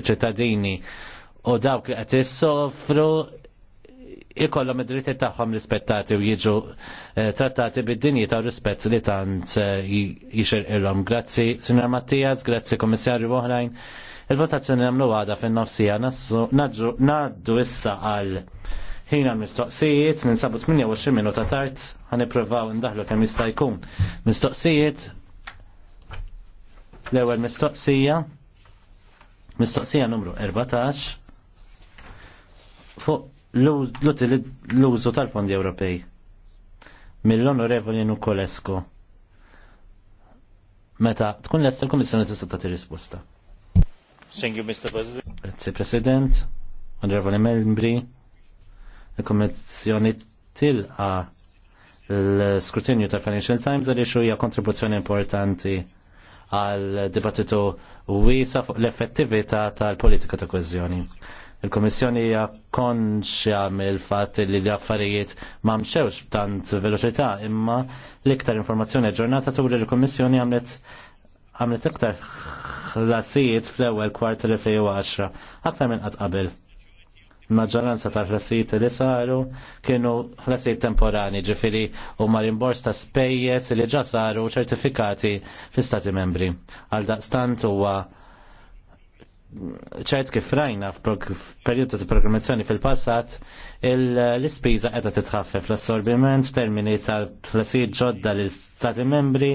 ċittadini u dawk li qed issofru ikollhom id-dritti tagħhom rispettati u jiġu eh, trattati bid-dinji ta' rispett li tant eh, jixirqilhom. Grazzi Signor Mattias, grazzi komissarju oħrajn. Il-votazzjoni għamlu għada fin-nofsija naddu issa għal ħina mistoqsijiet ninsabu 28 minuta tard ħaniprovaw ndaħlu kemm jista' jkun. Mistoqsijiet l-ewwel mistoqsija Mistoqsija numru 14 fuq l-użu tal-fondi Ewropej mill-onorevoli Nukolesko. Meta tkun lesta l-Komissjoni tista' tagħti risposta. Thank you, Mr. President. Grazie, President. Onorevoli membri, il-Komissjoni tilqa l-skrutinju tal-Financial Times għaliex hija kontribuzzjoni importanti għal dibattitu wiesa fuq l-effettività tal-politika ta' koezjoni. Il-Komissjoni hija konxja mill-fatt li l-affarijiet ma mxewx tant veloċità imma l-iktar informazzjoni ġurnata turi l-Komissjoni għamlet għamlet iktar ħlasijiet fl-ewwel kwart 2010 aktar minn qatt qabel maġġoranza tal-ħlasijiet li saru kienu ħlasijiet temporani ġifiri u ma rimbors ta' spejjes li ġa saru ċertifikati fl-Stati membri. Għal daqstant huwa ċert kif rajna f'perjodu ta' programmazzjoni fil-passat l-ispiża qiegħda titħaffef l-assorbiment f'termini tal-flessijiet ġodda l stati membri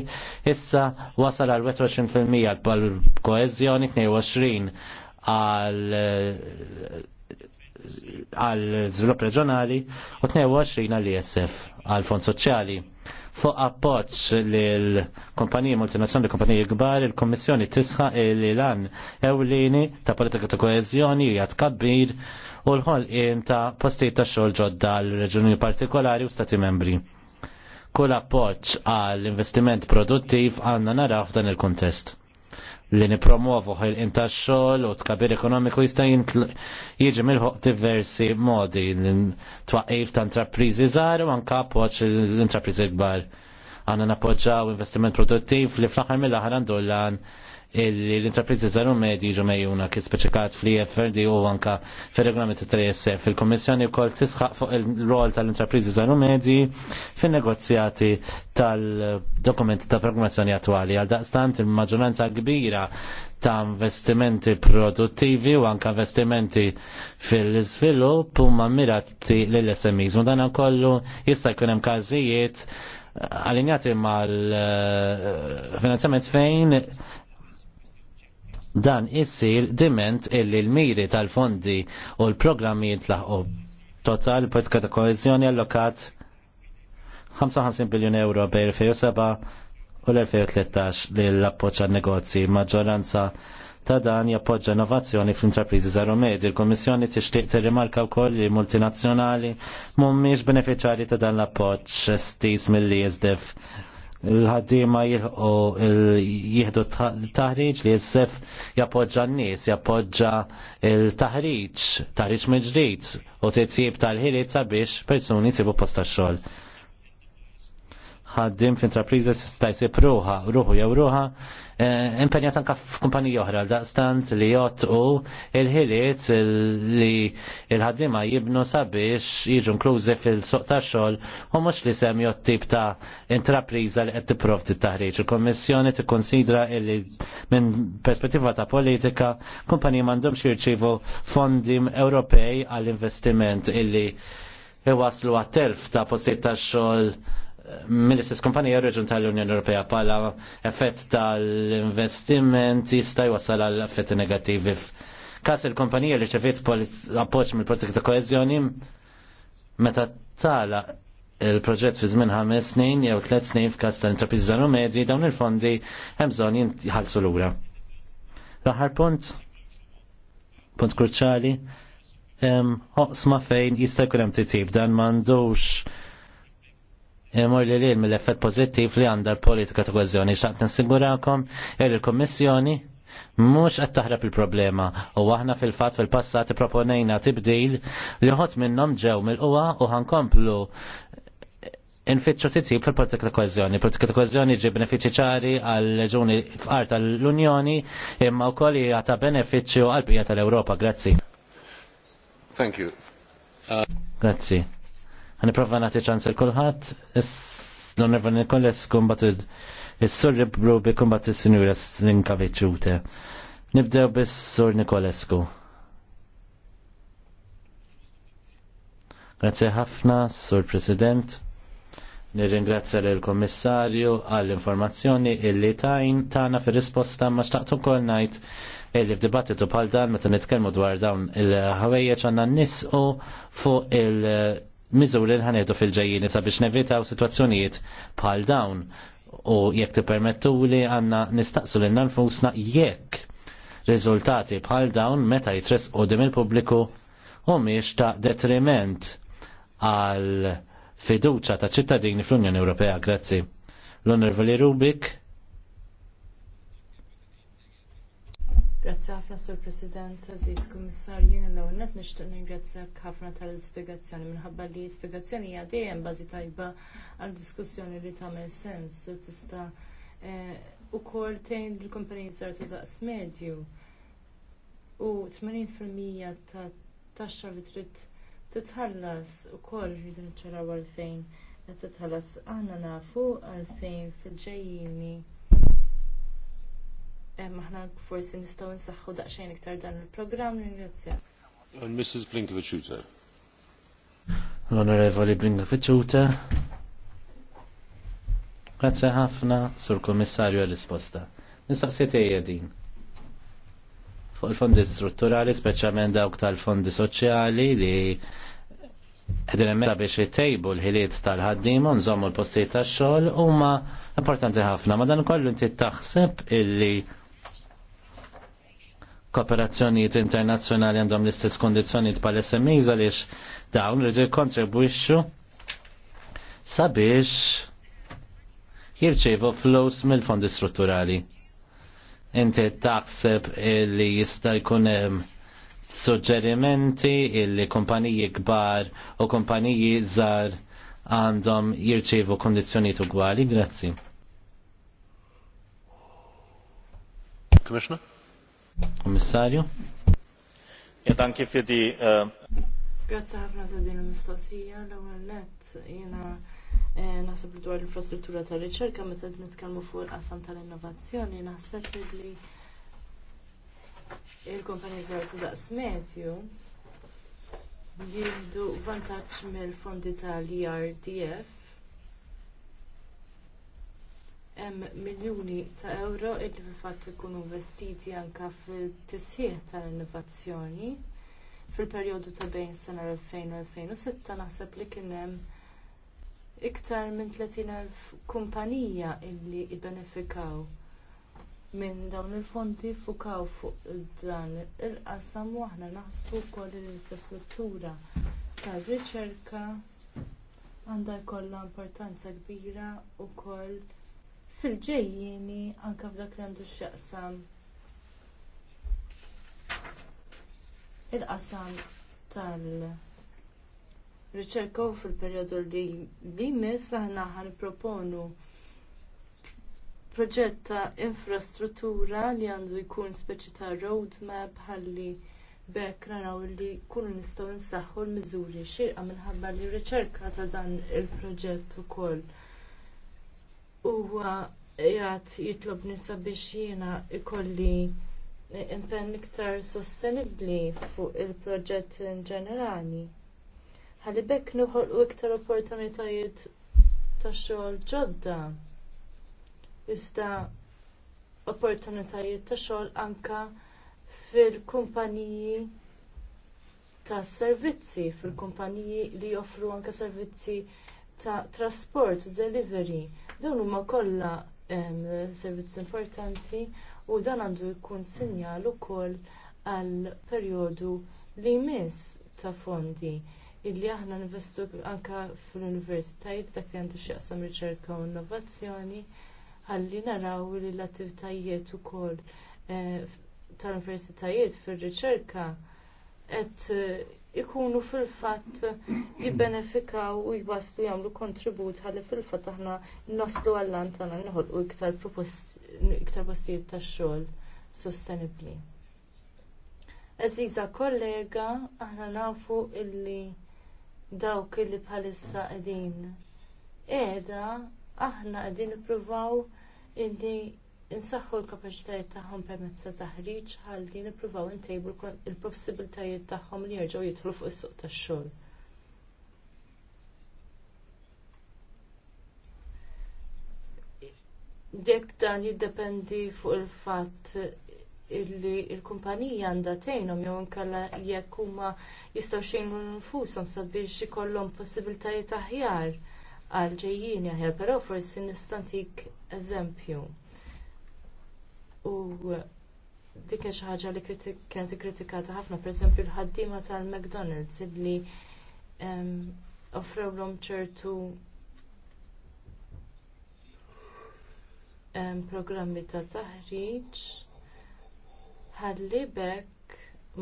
issa wasal għal 21% għal koezjoni 22 għal għal żvilupp reġjonali u 22 għal ISF għal fond soċjali. Fuq appoġġ lil kumpaniji multinazzjonali kumpaniji kbar, il-Kommissjoni tisħa li lan ewlieni ta' politika ta' koeżjoni hija tkabbir u l-ħolqien ta' postijiet ta' xogħol ġodda l reġuni partikolari u stati membri. Kull appoġġ għall investiment produttiv għandna naraw f'dan il-kuntest li nipromovu ħil inta xogħol u tkabir ekonomiku jista' jiġi milħoq diversi modi twaqif ta' intrapriżi żgħar u anke appoġġ l-intrapriżi kbar. għanna nappoġġaw investiment produttiv li fl-aħħar mill-aħħar għandu l-għan l-intrapriżi zaru medji ġu mejjuna kif speċikat fl-IFRD u anka fil-regolamenti 3SF. Il-Kommissjoni wkoll tisħaq fuq il-rol tal-intrapriżi zaru medji fin-negozjati tal-dokumenti ta' programmazzjoni attwali. Għal daqstant il-maġġoranza kbira ta' investimenti produttivi u anka investimenti fil-svilupp huma mirati lill-SMEs. U dan kollu jista' jkun hemm każijiet għalinjati mal eh, finanzjament fejn dan issir diment illi l-miri tal-fondi u l-programmi jitlaħqu. Total politika ta' koezjoni allokat 55 biljon euro bej 2007 u l-2013 li l-appoċa negozji maġġoranza ta' dan jappoġġa innovazzjoni fl-intrapriżi zaru medi. Il-Kommissjoni tixtieq tirrimarka wkoll li multinazzjonali mhumiex beneficjari ta' dan l-appoġġ stis mill-ISDF l-ħaddima t-taħriġ lis-sef japoġġa n-nies jappoġġa l-taħriġ, taħriġ li jissef jappoġġa n-nies, jappoġġa l-taħriġ, taħriġ meġrid u titjib tal-ħiliet sabiex persuni sibu posta xogħol. Ħaddim f'intrapriża sista jsib pruħa, ruħu jew ruħa Eh, impenjat anka f'kumpanija oħra daqstant li jott u il-ħiliet li il-ħaddima jibnu sabiex jiġu inklużi fil-suq ta' xogħol u mhux li sem jott tip ta' intrapriza li qed prof ti' taħriċ. Il-Kommissjoni tikkonsidra li minn perspettiva ta' politika kumpaniji m'għandhomx jirċievu fondi Ewropej għall-investiment illi iwaslu għat-telf ta' posit ta' xogħol mill-istess kompanija reġun tal-Unjoni Ewropea pala effett tal-investiment jista' jwassal għal effetti negattivi. Kas il-kompanija li ċeviet appoġġ mill politika ta' koeżjoni meta tala il-proġett fi żmien ħames snin jew tliet snin f'każ tal-intrapriżi żaru medji dawn il-fondi hemm bżonn jintħallsu lura. L-aħħar punt, punt kruċali, oqsma fejn jista' jkun hemm titjib dan m'għandux imur li li mill-effett pozittiv li għandha l-politika ta' kwezzjoni. Xaqt nsigurakom il-Kommissjoni mhux qed taħrab il-problema u aħna fil-fatt fil-passat proponejna tibdil li ħodt minnhom ġew mill-qwa u ħankomplu infittxu titjib fil-politika ta' kwezzjoni. Politika ta' kwezzjoni ġi benefiċi ċari għal ġuni fqar tal-Unjoni imma wkoll hija ta' benefiċċju għal bija tal europa Grazzi. Thank you. Uh... Grazzi. Għan iprofa nagħti ċans il-kulħadd, l il Nikoles kumbat il-sur bi kumbat il-sinjura Slinkaviċute. Nibdew bis-sur Nikolesku. Grazie ħafna, Sur President. Nirringrazzja lill komissarju għall-informazzjoni illi tajn tagħna fir risposta ma xtaqtu kol ngħid illi f'dibattitu bħal dan meta nitkellmu dwar dawn il ħawejjeġ għandna nisqu fuq il- miżuri li ħaniedu fil-ġejjini sabiex nevitaw situazzjonijiet bħal dawn u jekk permettu li għanna nistaqsu l nfusna jekk riżultati bħal dawn meta jitres dim il-pubbliku u miex ta' detriment għal fiduċa ta' ċittadini fl-Unjoni Ewropea. Grazzi. l onorvali Rubik Grazzi ħafna Sur President, Aziz Kummissarju, jien l net nixtieq ningrazzjak ħafna tal-ispjegazzjoni minħabba li l-ispjegazzjoni hija dejjem bażi tajba għal diskussjoni li tagħmel sens u tista' eh, ukoll tgħin lill-kumpaniji żgħar ta' daqs medju. U 80% ta' taxxa li trid titħallas ukoll rridu niċċaraw għalfejn qed titħallas aħna nafu għalfejn fil-ġejjini Maħna forsi nistgħu nsaħħu daqsxejn iktar dan il-programm ringrazzja. Mrs. Blinkovic-Uta. L-Onorevoli Blinkovic-Uta. Grazie ħafna sur Kommissarju għal-risposta. Nistaqsiet ejja din fuq il-fondi strutturali, speċjalment dawk tal-fondi soċjali li għedin emmela biex jittejbu l-ħiliet tal-ħaddim u nżommu l-postijiet tax-xogħol huma importanti ħafna. Ma dan kollu inti taħseb illi kooperazzjonijiet internazzjonali għandhom l-istess kondizzjonijiet pal SMEs għaliex dawn rridu jikkontribwixxu sabiex jirċevu flows mill-fondi strutturali. Inti taħseb li jista' jkun hemm suġġerimenti illi kumpaniji kbar u kumpaniji żgħar għandhom jirċevu kondizzjonijiet ugwali. Grazzi. Commissioner? Kommissarju? Ja, äh, Grazie ħafna ta' din il-mistoqsija, l-ewwel net. jiena eh, naħseb li dwar l-infrastruttura ta' riċerka meta qed nitkellmu fuq il-qasam tal-innovazzjoni naħseb li il-kumpanija żgħar ta' daqs medju jieħdu vantaġġ mill-fondi tal-ERDF hemm miljuni ta' euro illi fil-fatt ikunu investiti anke fit-tisħiħ tal-innovazzjoni fil-perjodu ta' bejn sena 2000 u 2006 naħseb li kien hemm iktar minn 30.000 kumpanija illi jibbenefikaw minn dawn il-fondi fukaw fuq dan il-qasam u aħna naħsbu wkoll l-infrastruttura tar-riċerka għandha jkollha importanza kbira wkoll fil-ġejjieni anke f'dak li għandu x'jaqsam il-qasam tal-riċerka u fil-perjodu li jmiss aħna ħaniproponu proġett ta' infrastruttura li għandu jkun speċi ta' roadmap ħalli bekk naraw li kull nistgħu nsaħħu l-miżuri xirqa minħabba li riċerka ta' dan il-proġett ukoll huwa jgħat jitlob nisa biex jiena ikolli impenn iktar sostenibbli fuq il-proġett ġenerali. Ħalli bekk noħolqu iktar opportunitajiet ta' xogħol ġodda. Iżda opportunitajiet ta' xogħol anke fil-kumpaniji ta' servizzi, fil-kumpaniji li joffru anke servizzi ta' trasport u delivery. Dawn huma kollha servizz importanti u dan għandu jkun sinjal ukoll għal perjodu li jmiss ta' fondi illi aħna nvestu anke fl-universitajiet dak li għandu xieqsam riċerka u innovazzjoni ħalli naraw li l-attivitajiet ukoll eh, tal-universitajiet fir riċerka qed eh, ikunu fil-fatt jibbenefikaw u jwaslu jagħmlu kontribut ħalli fil-fatt aħna naslu għall-lan tagħna nħolqu iktar iktar postijiet tax-xogħol sostenibbli. Eżiża kollega, aħna nafu illi dawk illi bħalissa qegħdin qiegħda aħna qegħdin nippruvaw illi insaħħu l-kapaċitajiet tagħhom permezz ta' taħriġ ħalli nippruvaw intejbu il-possibilitajiet tagħhom li jerġgħu jidħlu fuq is-suq tax-xogħol. Dek dan jiddependi fuq il-fatt illi il-kumpanija għandha tgħinhom jew inkella jekk huma jistgħu xejnu nfushom sabiex ikollhom possibbiltajiet aħjar għal ġejjini aħjar, però forsi nistantik eżempju u dik xi ħaġa li kienet ikkritikata ħafna, pereżempju l-ħaddiema tal-McDonald's li ehm, offrewlhom ċertu ehm, programmi ta' taħriġ ħalli bekk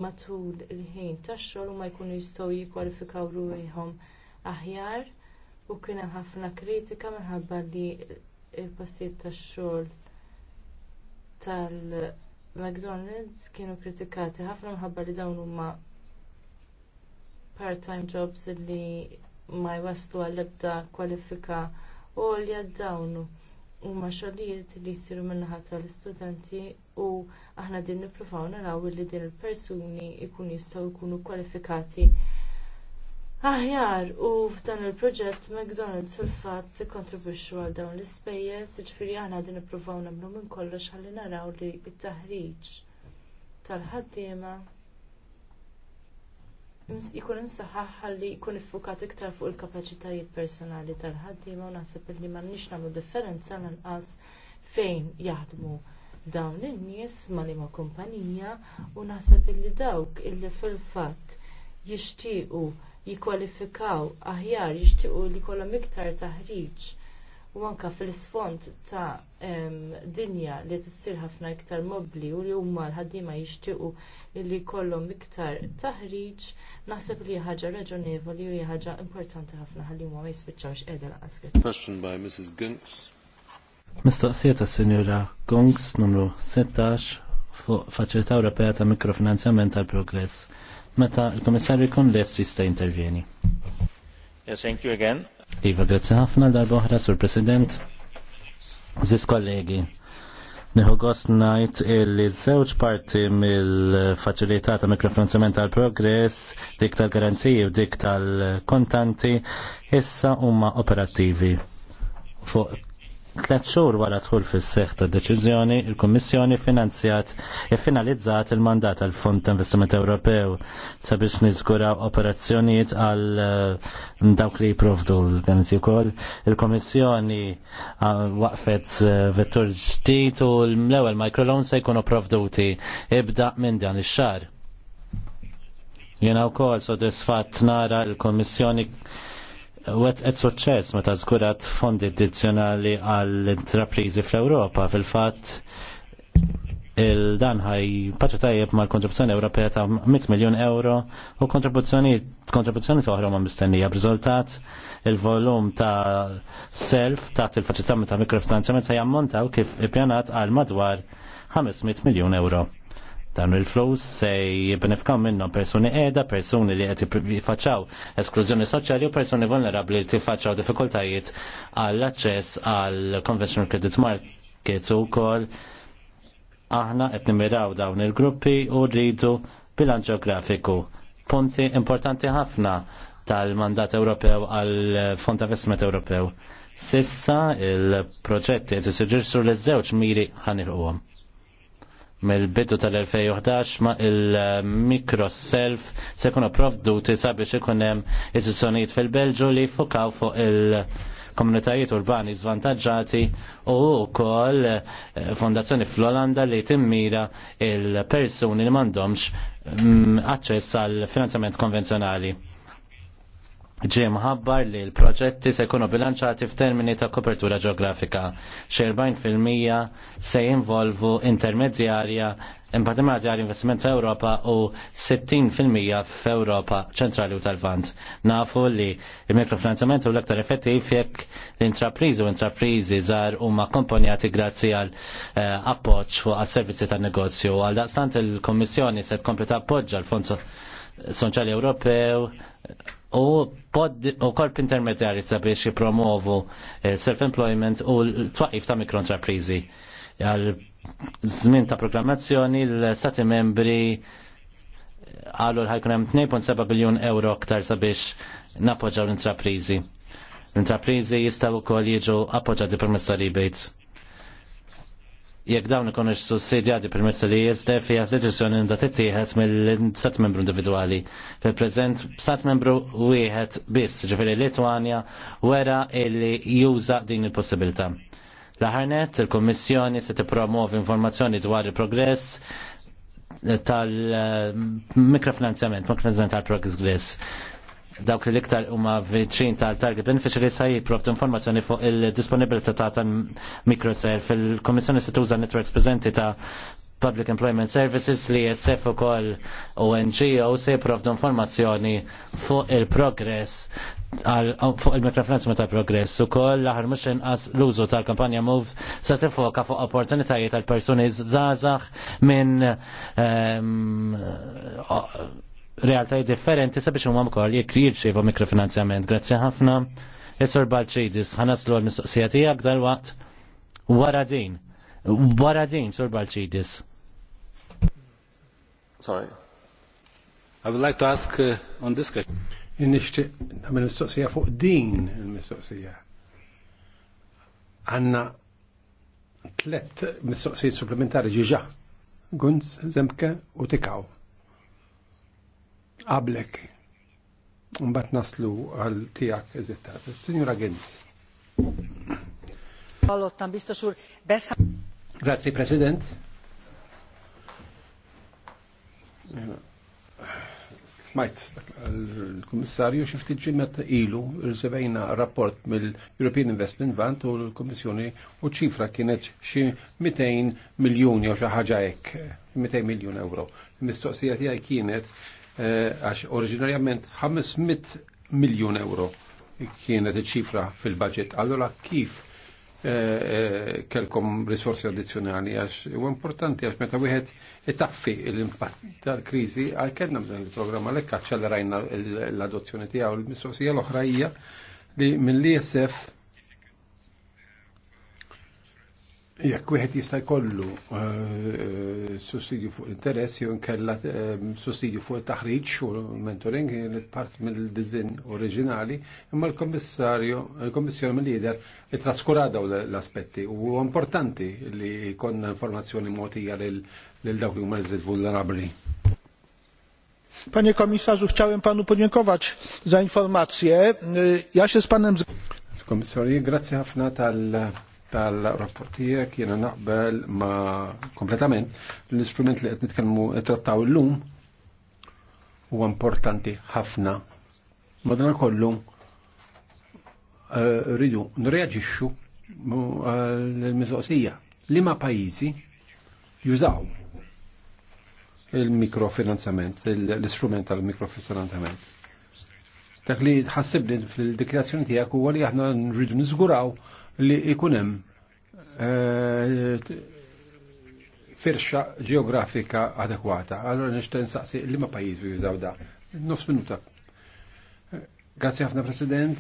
matul il-ħin tax-xogħol ma jkunu jistgħu jikkwalifikaw ruħihom aħjar u kien hemm ħafna kritika minħabba li l postijiet tax-xogħol tal-McDonald's kienu kritikati ħafna minħabba li dawn huma part-time jobs li ma jwaslu għal ebda kwalifika u li għaddawnu huma xogħlijiet li jsiru min-naħa tal-istudenti u aħna din nippruvaw naraw li din il-persuni jkunu jistgħu jkunu kwalifikati Aħjar, u f'dan il-proġett McDonald's fil-fatt kontribuxxu għal dawn l-ispejjeż, jiġifieri aħna qegħdin nippruvaw nagħmlu minn kollox ħalli naraw li t-taħriġ tal-ħaddiema jkun insaħħaħ ħalli jkun iffukat iktar fuq il-kapaċitajiet personali tal-ħaddiema u naħseb li m'għandniex nagħmlu differenza lanqas fejn jaħdmu dawn in-nies ma' liema kumpanija u naħseb li dawk illi fil-fatt jixtiequ jikkwalifikaw aħjar jixtiequ li jkollhom iktar taħriġ u anke fil isfond ta' dinja li tissir ħafna iktar mobbli u li huma l-ħaddiema jixtiequ li jkollhom iktar taħriġ naħseb li ħaġa raġonevoli u ħaġa importanti ħafna ħalli huma ma jispiċċawx qiegħda lanqas. Question by Mrs. Gunks. Mistoqsija tas Sinjura Gongs numru 16 fuq Faċilità Ewropea ta' Mikrofinanzjament tal-Progress meta l-Komissarju jkun lest jista' intervjeni. thank you again. Iva, grazzi ħafna darba oħra, Sur President. Ziz kollegi, neħu gost najt illi żewġ parti mill facilità ta' mikrofinanzjament tal-progress, dik tal-garanziji u dik tal-kontanti, issa huma operattivi fuq Tlet xhur wara dħul fis-seħħ ta' deċiżjoni, il-Kummissjoni finanzjat finalizzat il-mandat tal Fond ta' Investiment Ewropew sabiex niżguraw operazzjonijiet għal eh, dawk li jipprovdu l-organizzi wkoll. Il-Kummissjoni eh, waqfet eh, vettur ġdid u l-ewwel microloan se jkunu provduti ibda minn dan ix-xahar. Jiena wkoll sodisfatt nara l-Kummissjoni wet et suċċess meta żgurat fondi addizzjonali għall intraprizi fl-Ewropa fil-fatt il-dan ħaj paċa tajjeb mal kontribuzzjoni Ewropea ta' 100 miljon euro u kontribuzzjoni kontribuzzjoni toħra ma' mistennija b'rizultat il-volum ta' self ta' il-faċità ta' mikrofinanzjament jammonta' u kif ippjanat għal madwar 500 miljon euro. Dan il-flus se jibbenefkaw minnhom persuni qiegħda, persuni li qed jiffaċċaw esklużjoni soċjali u persuni vulnerabbli li jiffaċċaw diffikultajiet għall-aċċess għall conventional credit market u wkoll aħna qed nimiraw dawn il-gruppi u rridu bilanċ ġeografiku. Punti importanti ħafna tal-mandat Ewropew għall Fond Investment Ewropew. Sissa il-proġetti qed isiġirsu l-żewġ miri ħanilquhom mill-bidu tal-2011 ma il-microself se jkunu provduti sabiex ikun hemm istituzzjonijiet fil-Belġu li fukaw fuq il-komunitajiet urbani zvantaġġati u wkoll eh, fondazzjoni fl-Olanda li timmira il-persuni li m'għandhomx mm, aċċess għal finanzjament konvenzjonali ġie ħabbar li l-proġetti se jkunu bilanċati f'termini ta' kopertura ġeografika. Xi 40% se jinvolvu intermedjarja intermedjarja investiment f'Ewropa u 60% f'Ewropa ċentrali u tal-Vant. Nafu li il-mikrofinanzjament u l-aktar effettiv jekk l-intrapriżi u intrapriżi żgħar huma komponjati grazzi għal eh, appoġġ fuq għas-servizzi tan-negozju. Għal daqstant il-Kommissjoni se tkompli tappoġġa l-Fond Soċjali Ewropew u pod u korp intermedjari sabiex jipromovu eh, self-employment u l-twaqif ta' mikroentreprizi. Għal żmien ta' proklamazzjoni l sati membri eh, għallu l-ħajkun 2.7 biljun euro aktar sabiex nappoġġaw l-intraprizi. L-intraprizi jistaw ukoll jiġu appoġġati permessa ta' rebates jekk dawn ikonu sussidjati permezz li jizdef hija deċiżjoni da tittieħed mill-sat membru individwali. Fil-preżent sat membru wieħed biss, ġifieri Litwanja wera illi juża din il-possibilità. l il-Kommissjoni se tippromovi informazzjoni dwar il-progress tal-mikrofinanzjament, eh, mikrofinanzjament tal-progress dawk li l-iktar huma vitrin tal-target beneficiaries sa jipprovdu informazzjoni fuq il-disponibilità ta' tal-microser fil-Komissjoni se tuża networks preżenti ta' Public Employment Services li jessef u koll u se jipprovdu informazzjoni fuq il-progress fuq il-mikrofinanzjoni ta' progress u koll laħar mux inqas l-użu tal-kampanja MOVE se tifoka fuq opportunitajiet tal persuni zazax minn ehm, realtaj differenti sabiex huma wkoll jekk jirċievu mikrofinanzjament. Grazzi ħafna. Isor Balċidis, ħanaslu għal-mistoqsija tiegħek dal-waqt wara din. Wara din, Sor Balċidis. Sorry. I would like to ask uh, on this question. Nishtiq nagħmel mistoqsija fuq din il-mistoqsija. Għanna tlet mistoqsijiet supplementari ġiġa. Gunz, Zemke u Tikaw qablek. Mbagħad naslu għal tiegħek eżittat. Signora Gens. Hallottam biztos úr, besz... Grazie, President. Smajt, l-Komissarju xifti ġimmet ilu rżevejna rapport mill-European Investment Bank u l-Komissjoni u ċifra kienet xi 200 miljoni u xi 200 miljoni euro. Mistoqsija tiegħi kienet Eh, għax oriġinarjament 500 miljon euro kienet iċ-ċifra fil-budget. Allora kif eh, eh, kelkom risorsi addizjonali għax u importanti għax meta wieħed itaffi l-impatt tal-kriżi għal kellna dan il programma għalhekk aċċelerajna l-adozzjoni tiegħu l-mistoqsija l-oħra hija li mill-ISF Jekk wieħed jista' jkollu eh, sussidju fuq interess jew inkella eh, sussidju fuq taħriġ u mentoring part mill-diżinn oriġinali, imma l-Kommissarju, l-Kommissjoni mill-lider li traskuradaw l-aspetti u importanti li jkollna informazzjoni motija lil dawk li huma iżid vulnerabbli. Panie komisarzu, chciałem panu podziękować za informację. Ja się z panem... Komisarzu, grazie ħafna tal- tal rapportija kiena naqbel ma kompletament l-istrument li qed nitkellmu trattaw illum huwa importanti ħafna. Madana kollu eh, rridu nreaġixxu eh, l-mizoqsija li ma pajjiżi jużaw il-mikrofinanzament, l-istrument tal-mikrofinanzament. Dak li li fil-dikjazzjoni tiegħek huwa li aħna nridu nizguraw li ikunem eh, firxa ġeografika adekwata. Allora nishten saqsi li ma pajizu jużaw da. Nofs minuta. Grazie ħafna President.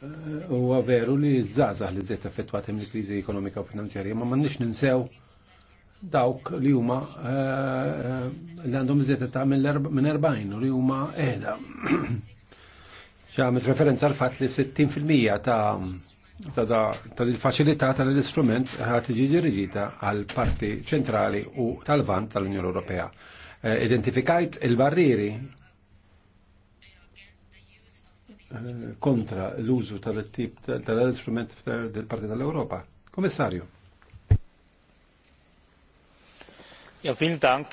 Eh, huwa veru li żgħażagħ li żiet effettwati mill-kriżi ekonomika u finanzjarja, ma m'għandniex ninsew dawk li huma eh, li għandhom iżjed ta' minn 40 u li huma qiegħda ċamet referenza għal fat li 60% ta' ta' il-facilità l istrument ħat iġi dirigita għal parti ċentrali u tal-vant tal-Unjoni Ewropea. Eh, identifikajt il-barriri eh, kontra l-użu tal-tip tal-istrument tal-parti tal-Europa. Komissarju. Ja, vielen Dank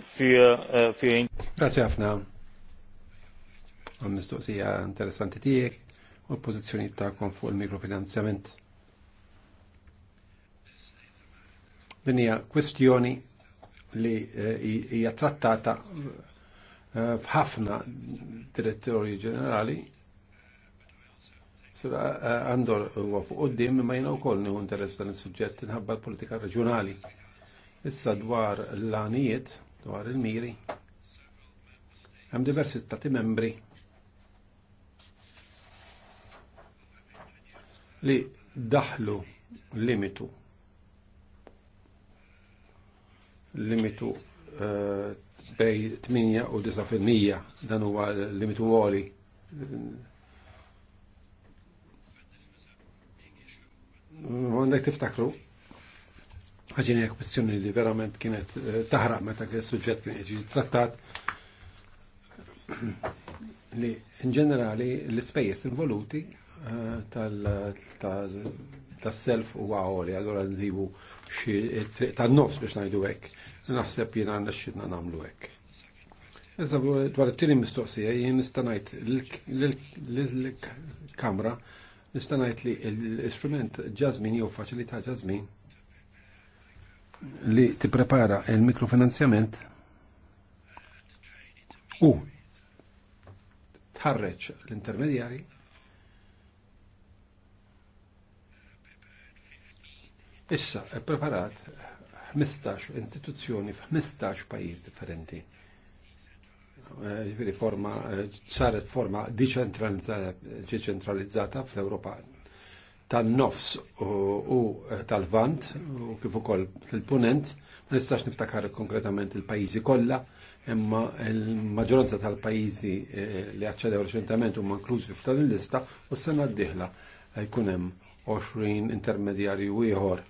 für, äh, für... Grazie, Afna għal mistoqsija interessanti tiegħek u l-pożizzjoni ta' fuq il-mikrofinanzjament. Din hija kwestjoni li eh, hija trattata eh, f'ħafna direttori ġenerali Sura għandor eh, huwa fuq qudiem imma jiena wkoll nieħu interess dan is-suġġett inħabba l-politika reġjonali. Issa dwar l-għanijiet, dwar il-miri, hemm diversi stati membri li daħlu limitu limitu eh, bej 8 u 9% dan huwa limitu għoli għandek tiftakru għagġin jek kwestjoni li verament kienet eh, taħraq meta kien suġġett kien jiġi trattat li in ġenerali l-ispejjeż involuti tal-self u għawli, għallora nżibu tal-nofs biex najdu għek. Naħseb jina għanna xidna namlu għek. Iżda dwar it tini mistoqsija jien nistanajt l kamra nistanajt li l-istrument ġazmin jew faċilità ġazmin li prepara il-mikrofinanzjament u tħarreċ l-intermedjari Issa, e preparat 15 istituzzjoni f'15 pajjiż differenti. E, Ġifieri forma e, saret forma deċentralizzata fl-Ewropa tan-nofs u tal-vant u kif ukoll fil-punent, ma nistax niftakar konkretament il-pajjiżi kollha, imma il-maġġoranza tal-pajjiżi li aċċedew reċentament huma inklużi f'dan il-lista u s-sena d-dieħla jkun hemm 20 intermedjari u ieħor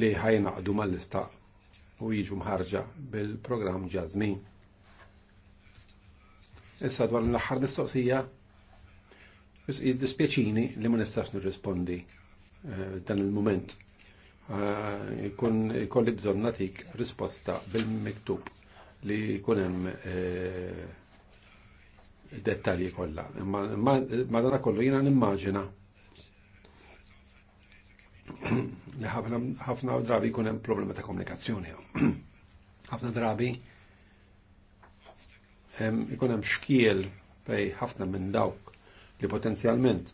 li ħajnaqdu mal-lista u jiġu mħarġa bil-programm Jasmin. Issa dwar l-aħħar mistoqsija, jiddispjaċini li ma nistax nirrispondi eh, dan il-moment. Eh, Kun kolli bżon natik risposta bil-miktub li jkun hemm eh, dettalji kollha. Ma dana kollu jiena nimmaġina li ħafna drabi jkun hemm problema ta' komunikazzjoni. Ħafna drabi ikun hemm xkiel bej ħafna minn dawk li potenzjalment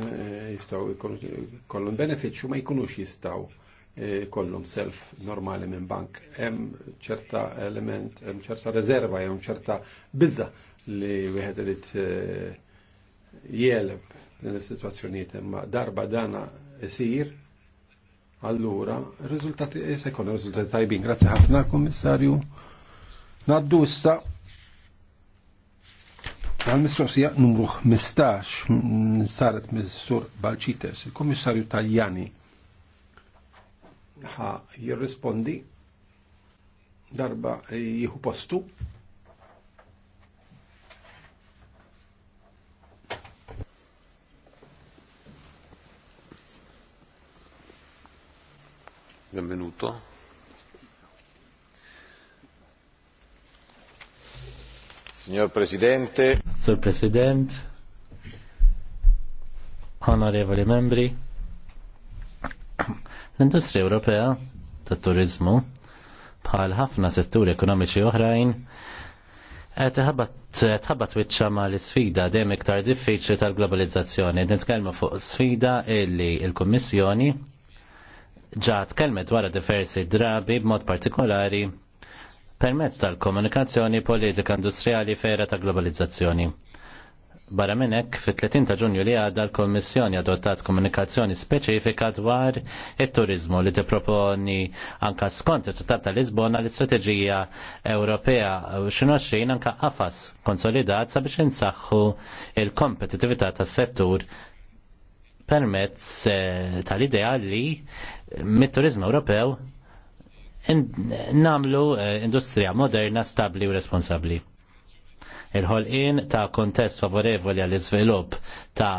eh, jistaw kollum benefiċu ma jkunux jistaw eh, kollum self normali minn bank. Hemm ċerta element, hemm ċerta rezerva, hemm ċerta bizza li wieħed irid eh, jeleb din is-sitwazzjonijiet imma darba dana isir allura riżultati eh, sekon riżultati tajbin. Grazzi ħafna Kummissarju. Naddu issa għal-mistoqsija numru 15 mm, saret mis-sur Balċites, il-Kummissarju Taljani ħa jirrispondi darba eh, jieħu postu Benvenuto. Signor Presidente. Sir President, onorevoli membri, L'industria europea Ewropea tat turizmu bħal ħafna setturi ekonomiċi oħrajn Tħabbat wicċa ma l isfida dejjem iktar diffiċli tal-globalizzazzjoni. Nitkellmu fuq sfida illi l-Kummissjoni ġat kelmet wara diversi drabi b'mod partikolari permezz tal-komunikazzjoni politika industrijali fera ta' globalizzazzjoni. Barra minn hekk, fit-30 ta' Ġunju li għadda l komissjoni adottat komunikazzjoni speċifika dwar it-turizmu li tipproponi anka skont it-Trattat ta' Lisbona l-Istrateġija Ewropea 2020 anka għafas konsolidat sabiex insaħħu il-kompetitività tas-settur permezz eh, tal-idea li mit-turizmu Ewropew namlu eh, industrija moderna, stabli u responsabli. Il-ħolqin ta' kontest favorevoli għall-iżvilupp ta'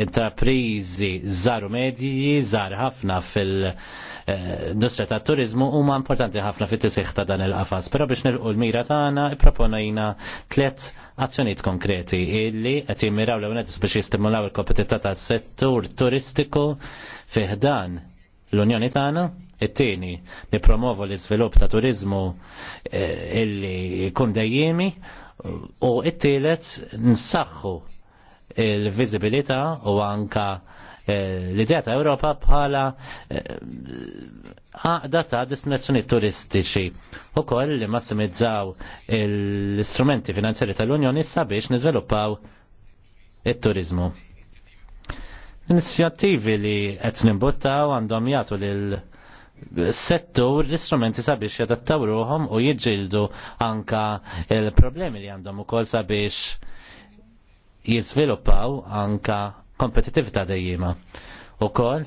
intraprizi żaru medji, żar ħafna fil-industrija eh, ta' turizmu huma importanti ħafna fit tisih ta' dan il-qafas. Però biex nilqu l-mira tagħna proponajna tliet azzjonijiet konkreti illi qed jimmiraw l għunet biex jistimulaw il-kompetitività tas-settur turistiku fih dan l-Unjoni tagħna, it-tieni nippromovu l-iżvilupp ta' turizmu eh, illi jkun dejjemi u it-tielet nsaħħu il-viżibilità u anka eh, l-idea ta' Ewropa bħala eh, għaqda ta' destinazzjoni turistiċi u koll li massimizzaw l-istrumenti finanzjari tal-Unjoni sabiex niżviluppaw it-turizmu. Inizjattivi li qed nimbuttaw għandhom jagħtu lil settur l-istrumenti sabiex jadattaw ruhom u jiġġieldu anka il-problemi li għandhom ukoll sabiex jiżviluppaw anka kompetitività dejjima. kol,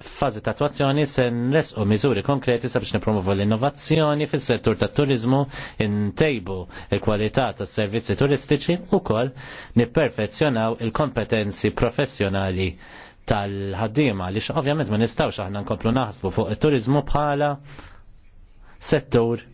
fazi ta' attuazzjoni se nresqu miżuri konkreti sabiex nipromovu l-innovazzjoni fis-settur tat turizmu intejbu il-kwalità tas servizzi turistiċi u kol nipperfezzjonaw il-kompetenzi professjonali tal-ħaddiema li ovvjament ma nistawx aħna nkomplu naħsbu fuq it-turizmu bħala settur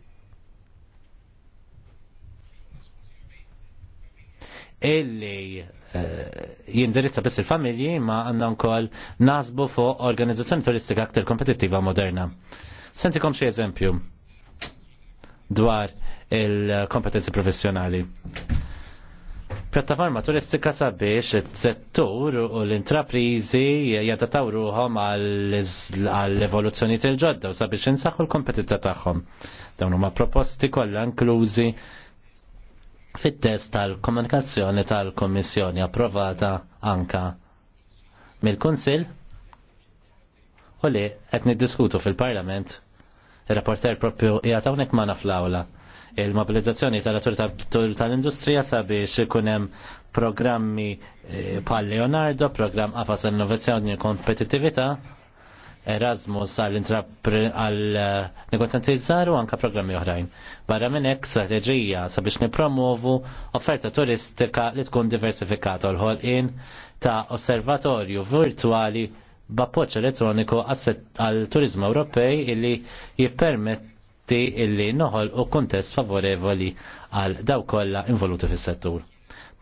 illi Eh, jindirizza biss il-familji ma għandhom wkoll nasbu fuq organizzazzjoni turistika aktar kompetittiva moderna. Sentikom xi eżempju dwar il-kompetenzi professjonali. Pjattaforma turistika sabiex il-settur u l-intraprizi jadattaw ruħom għall-evoluzzjoni til-ġodda u sabiex insaħħu l-kompetitta tagħhom. Dawn huma proposti kollha inklużi fit-test tal-komunikazzjoni tal kummissjoni approvata anka mill-Kunsill u li qed niddiskutu fil-Parlament ir-rapporter proprju qiegħed hawnhekk magħna fl-awla il-mobilizzazzjoni tal-attur tal-industrija sabiex ikun hemm programmi pal eh, Leonardo, programm qafas innovazzjoni u kompetittività Erasmus għal-negozjanti żgħar u anka programmi oħrajn. Barra minn hekk strateġija sabiex nipromovu offerta turistika li tkun diversifikata l-ħolqien ta' osservatorju virtuali b'appoġġ elettroniku għal turizmu Ewropej illi jippermetti illi noħol u kontest favorevoli għal daw kollha involuti fis-settur.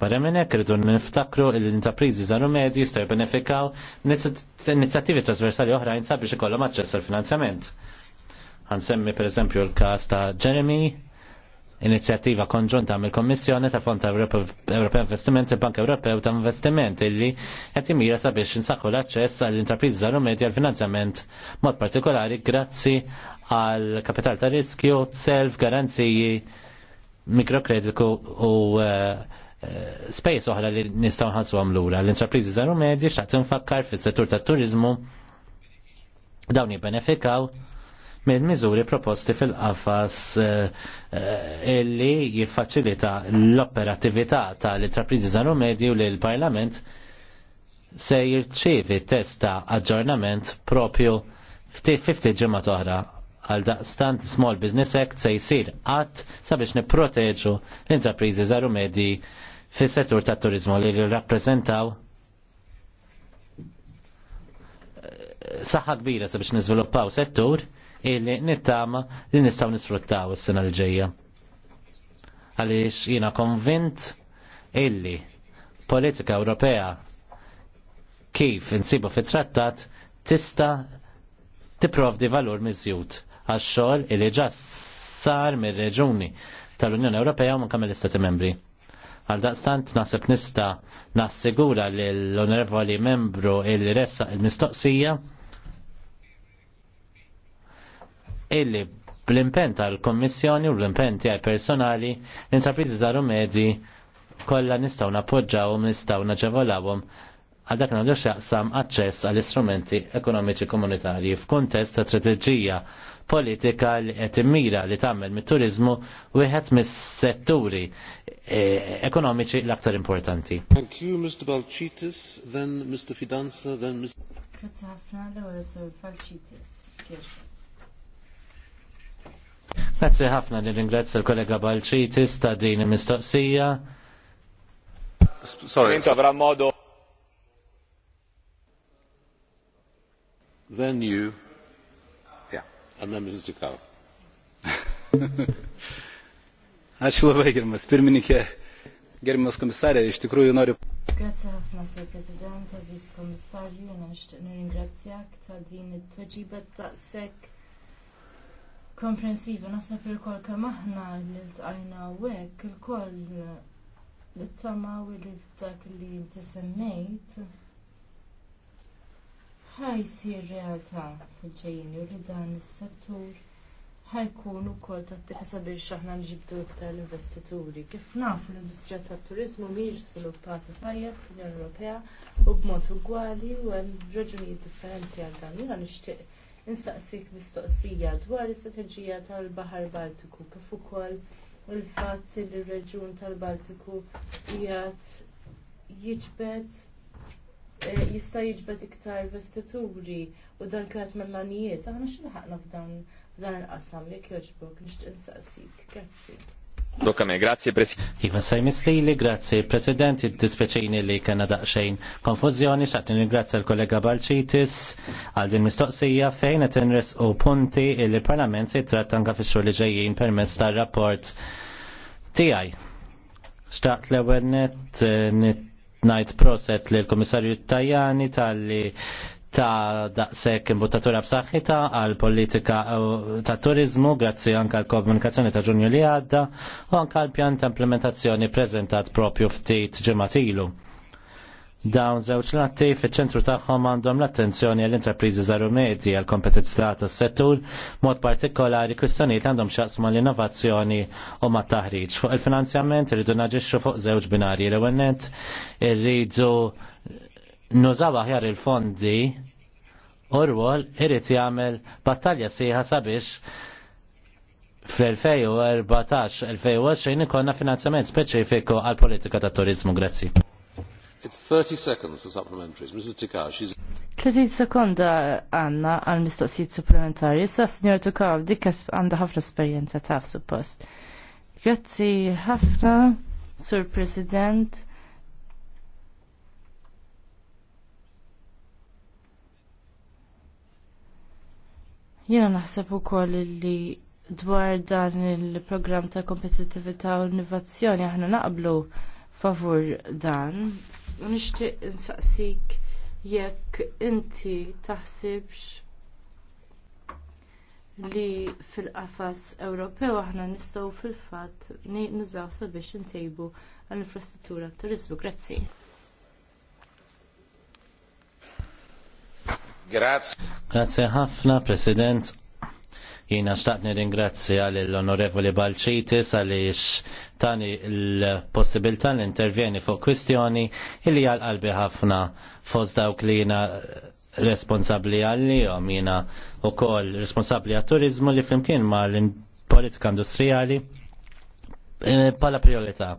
Barra minn hekk irridu niftakru li l-intrapriżi żaru medji jistgħu jibbenefikaw inizjattivi trasversali oħrajn sabiex ikollhom aċċess għal finanzjament. Ħansemmi pereżempju l-każ ta' Jeremy, inizjattiva konġunta mill kommissjoni ta' Fond ta' Ewropew Investiment u Bank Ewropew ta' Investiment illi qed jimira sabiex insaħħu l-aċċess għall intrapriżi Zaru medji għall finanzjament mod partikolari grazzi għal kapital ta' riskju, self, garanziji, mikrokreditu u uh, space oħra li nistaw nħassu għamlura. L-intrapriżi zaru medji xtaqt nfakkar fis-settur tat-turizmu dawn jibbenefikaw minn miżuri proposti fil-qafas eh, eh, illi jiffaċilita l-operattività tal-intrapriżi zaru medji u li l-Parlament se jirċievi testa aġġornament propju ftit ġimgħa oħra għal daqstant Small Business Act se jsir qatt sabiex nipproteġu l-intrapriżi zaru medji fis settur tat turizmu li rappresentaw eh, saħħa kbira sabiex niżviluppaw settur illi nittama li nistaw nisfruttaw is-sena l-ġejja. Għaliex jiena konvint illi politika Ewropea kif insibu fit trattat tista tipprovdi valur miżjud għax xogħol illi ġas sar mir-reġuni tal-Unjoni Ewropea u minn l-Istati Membri. Għal daqstant nasib nista nassigura li l-onorevoli membru illi ressa il-mistoqsija illi bl-impen tal-Kommissjoni u bl-impen tiegħi personali l-intrapriżi żaru medji kollha nistgħu u nistgħu naġevolawhom għal dak nagħmlu x'jaqsam aċċess għall istrumenti ekonomiċi komunitarji f'kuntest ta' strateġija politika li qed immira li tagħmel mit-turiżmu wieħed mis-setturi Eh, ekonomiċi l-aktar importanti. Thank you, Mr. Balchitis, then Mr. Fidanza, then Mr. Grazie ħafna, li ringrazzja l-kollega Balchitis ta' din mistoqsija Sorry. avrà modo. Then you. Yeah, and then Mr. Zikau. Ačiū labai, gerbiamas pirmininkė, gerbiamas komisarė, iš tikrųjų noriu. Grazie ħafna, Sur President, Aziz Komissarju, jena nishtiq nirringrazzjak ta' din it-tweġiba daqshekk komprensiva. Nasab il-kol kemm aħna li ltqajna hawnhekk il-kol nittamaw li f'dak li inti semmejt ħaj realtà fil-ġejjin u li dan is-settur ħajkun ukoll tattika sabiex aħna nġibdu iktar investituri Kif naf l-industrija tat-turiżmu mhijiex sviluppata tajjeb fl-Unjoni Ewropea u b'mod ugwali u hemm raġunijiet differenti għal dan. Jiena nixtieq instaqsik mistoqsija dwar l-istrateġija tal-Baħar Baltiku kif ukoll il-fatt li r-reġjun tal-Baltiku qiegħed jiġbed eh, jista' jiġbed iktar investituri u dan kienet mill-manijiet. aħna x'inħaqna f'dan dan il-qasam li jogħġbok nixtieq Grazzi. grazie Presidente. Iva sajmis li li, grazie Presidente, dispeċini li kena daqxejn konfuzjoni, xaqtin ringrazja l-kollega Balċitis għal din mistoqsija fejn qed inres u punti li parlament se trattan anka fix-xhur li ġejjin permezz tar-rapport tiegħi. Xtaqt l-ewwel net eh, ngħid proset lill-Kummissarju Tajani tal-li ta' daqsek imbuttatura b'saħħita għal politika ta' turizmu grazzi anka għal komunikazzjoni ta' ġunju li għadda u anka għal pjan ta' implementazzjoni prezentat propju ftit ġematilu. Dawn żewġ latti fiċ-ċentru tagħhom għandhom l-attenzjoni għall intrapriżi żaru medji għal kompetitività tas-settur, mod partikolari kwistjonijiet għandhom x'jaqsmu l-innovazzjoni u mat-taħriġ. Fuq il-finanzjament irridu naġixxu fuq żewġ binarji l-ewwel irridu nużaw aħjar il-fondi Orwell irrit jagħmel battalja sieħa sabiex fl-2014-2020 ikonna finanzjament speċifiku għal politika ta' turizmu. Grazzi. It's 30 seconds for supplementaries. Mrs. Tikar, she's... 30 sekonda għanna għal mistoqsijiet supplementari. Sa' signor Tukaw, dik għanda ħafna esperienza taf suppost. Grazzi ħafna, Sur President. Jena naħseb ukoll li dwar dan il-programm ta' kompetitività u innovazzjoni aħna naqblu favur dan. U nixtieq insaqsik jekk inti taħsibx li fil-qafas Ewropew aħna nistgħu fil-fatt nużaw sabiex intejbu għall-infrastruttura turizmu. Grazzi. Grazie. Grazie ħafna, President. Jina xtaqni ringrazzja l-Onorevoli Balċitis għaliex tani l-possibilità l-intervjeni fuq kwistjoni illi għal-qalbi ħafna fost dawk li jina responsabli għalli lijom jina u kol responsabli għal-turizmu li flimkien ma l-politika industrijali pala eh, priorità.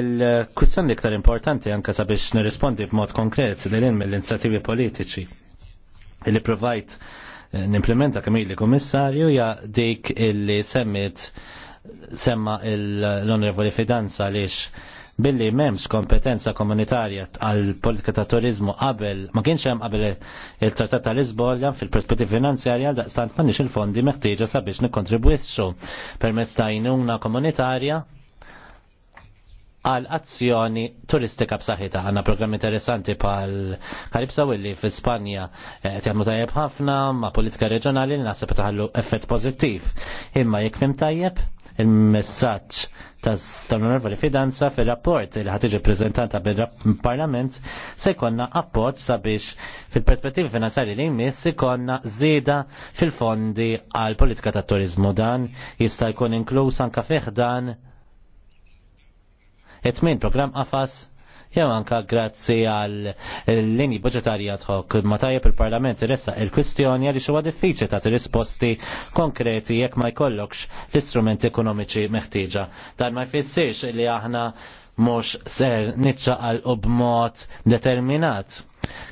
Il-kwistjoni ktar importanti anka sabiex nirrispondi b'mod konkret l-in mill-inizjativi politiċi li provajt eh, nimplementa kamili komissarju ja dik illi semmit semma l-onorevoli fidanza lix billi memx kompetenza komunitarja għal politika ta' turizmu qabel, ma kienx hemm qabel il-Trattat ta' Lisbolja fil perspettiva finanzjarja daqstant m'għandniex il-fondi meħtieġa sabiex nikkontribwixxu permezz ta' jnuna komunitarja għal azzjoni turistika b'saħħitha. Għandna programm interessanti bħal Karibsa Willi fi Spanja eh, qed jagħmlu tajjeb ħafna ma' politika reġjonali li naħseb taħallu effett pożittiv. Imma jekk fim tajjeb il-messaġġ ta' tal-onorevoli fidanza fil-rapport li ħatiġi prezentanta bil-parlament se jkollna appoġġ sabiex fil-perspettivi finanzjari li jmiss konna żieda fil-fondi għal politika ta' turizmu dan jista' jkun inkluż anke fih dan it-tmin program afas? jew anka grazzi għal linji budgetarja tħok ma tajjeb il-Parlament iressa il-kwistjoni għaliex huwa diffiċli tagħti risposti konkreti jekk ma jkollokx l-istrumenti ekonomiċi meħtieġa. Dan ma jfissirx li aħna mhux ser niċċaqal u b'mod determinat.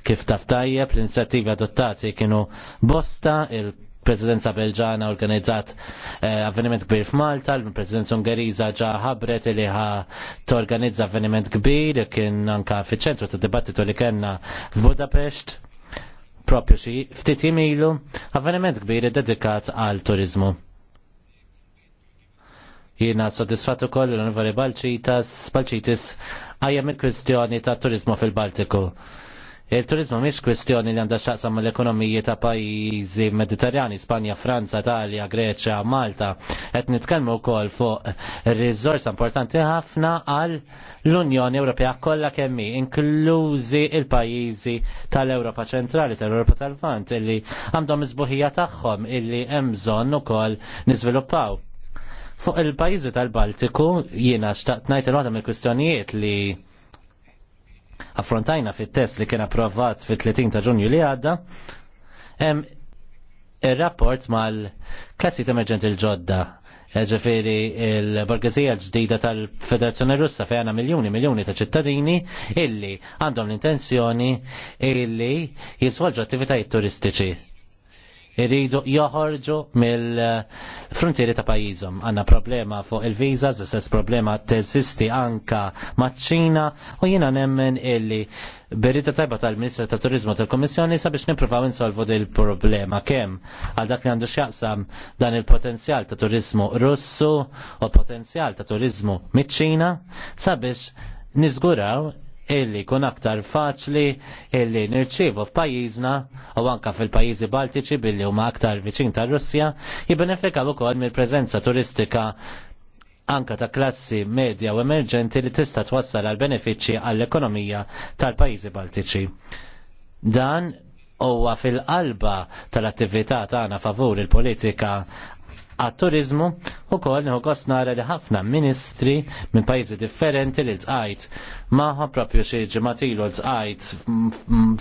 Kif taf tajjeb l-inizjattivi adottati kienu bosta il- Presidenza Belġana organizzat eh, avveniment kbir f'Malta, l-Presidenza ungheriza ġa ħabret li ħa torganizza avveniment kbir kien anka fiċ-ċentru ta' dibattitu li kellna f'Budapest propju xi ftit jimilu avveniment kbir dedikat għal turizmu. Jiena soddisfattu koll l-Onorevoli Balċitas, Balċitis għajjem il-kwistjoni ta' turizmu fil-Baltiku Il-turizmu mhix kwestjoni li għandha x'taqsam mal-ekonomiji ta' pajjiżi mediterrani, Spanja, Franza, Italja, Greċja, Malta. Qed nitkellmu wkoll fuq riżorsa importanti ħafna għal l-Unjoni Ewropea kollha kemm hi, inklużi il-pajjiżi tal-Ewropa ċentrali, tal-Ewropa tal-Vant, illi għandhom iżbuħija tagħhom illi hemm bżonn ukoll niżviluppaw. Fuq il-pajjiżi tal-Baltiku jiena xtaqt ngħid il-waħda mill-kwistjonijiet li affrontajna fit-test li kien approvat fit-30 ta' ġunju li għadda, hemm ir-rapport mal-klassi ta' emerġenti l-ġodda eh, ġifiri il-borgazija ġdida tal-Federazzjoni Russa fejna miljoni, miljoni ta' ċittadini illi għandhom l-intenzjoni illi jiswolġu attivitajiet turistiċi iridu joħorġu mill-frontieri ta' pajjiżhom. Għandna problema fuq il viza stess problema teżisti anka maċ-Ċina u jiena nemmen illi berita tajba tal-Ministru ta' Turizmu tal sa' sabiex nippruvaw insolvu il problema kemm għal dak li għandu x'jaqsam dan il-potenzjal ta' turizmu Russu u potenzjal ta' turizmu miċ-Ċina sabiex niżguraw illi kun aktar faċli illi nirċivu f'pajjiżna u anka fil-pajjiżi Baltiċi billi huma aktar viċin tar Russja jibbenefikaw ukoll mill-preżenza turistika anka ta' klassi medja u emerġenti li tista' twassal għal benefiċċji għall-ekonomija tal-pajjiżi Baltiċi. Dan huwa fil-qalba tal-attività tagħna favur il-politika għat-turizmu u kol nħu nara li ħafna ministri minn pajjiżi differenti li tqajt Maħa propju xie ġematilu tqajt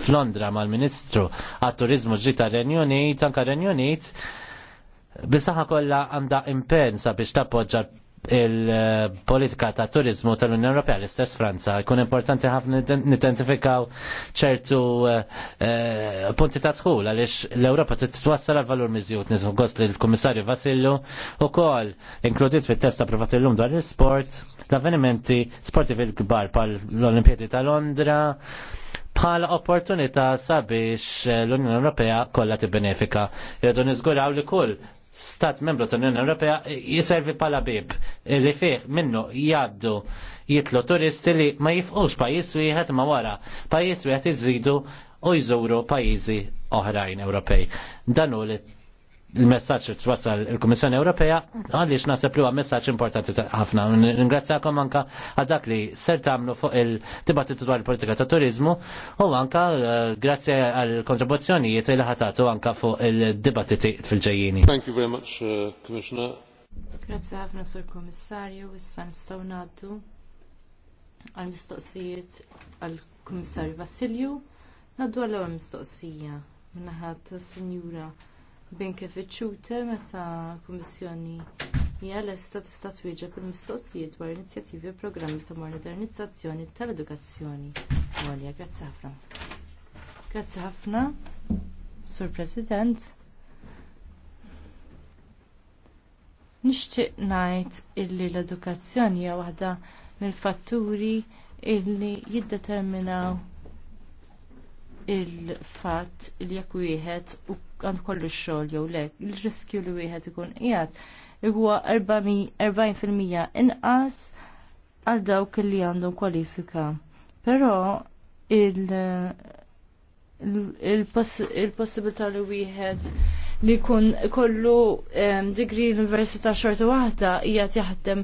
f'Londra mal-Ministru għat-Turizmu ġita Renjonit, anka Renjonit, bisaħa kolla għanda impensa biex tappoġġa il-politika ta' turizmu tal-Unjoni Ewropea l-istess Franza jkun importanti ħafna nidentifikaw ċertu eh, eh, punti ta' dħul għaliex l-Ewropa titwassal għal valur miżjud nisu gost li l-Kummissarju Vasillu u kol inkludit fit-testa privat illum dwar l-sport, l-avvenimenti sportivi l-kbar pal l-Olimpijadi ta' Londra, bħala opportunità sabiex eh, l-Unjoni Ewropea kollha tibbenefika. Jedu niżguraw li kull stat membru tal-Unjoni Ewropea jiservi pala bib li fih minnu jaddu jitlu turisti li ma jifqux pajis wieħed ma wara pajis wieħed iżidu u jżuru pajizi oħrajn Ewropej. Dan hu li il-messagġ twassal il-Kummissjoni Ewropea għaliex naħseb li huwa messaġġ importanti ħafna. Ringrazzjakom anka għal dak li ser tagħmlu fuq il-dibattitu dwar il-politika ta' turizmu u anka eh, grazzi għal kontribuzzjonijiet li ħatatu anka fuq il-dibattiti fil-ġejjini. Thank you very much, uh, Commissioner. Grazzi ħafna Sur Kummissarju, issa nistgħu ngħaddu għall mistoqsijiet għal Kummissarju Vassilju, ngħaddu għall-ewwel mistoqsija minnaħat Sinjura bin kif iċċuter meta kummissjoni hija lesta tista' twieġeb il-mistoqsijiet dwar inizjattivi u programmi ta' modernizzazzjoni tal-edukazzjoni. Għolja, grazzi ħafna. Grazzi ħafna, Sur President. Nixtieq ngħid illi l-edukazzjoni hija waħda mill-fatturi illi jiddeterminaw il-fatt li jekk wieħed u għand kollu xogħol jew le, il-riskju li wieħed ikun qiegħed huwa 40% inqas għal dawk li għandhom kwalifika. Però il-possibilità li wieħed li jkun kollu ehm, degree l-Università xorta waħda hija jaħdem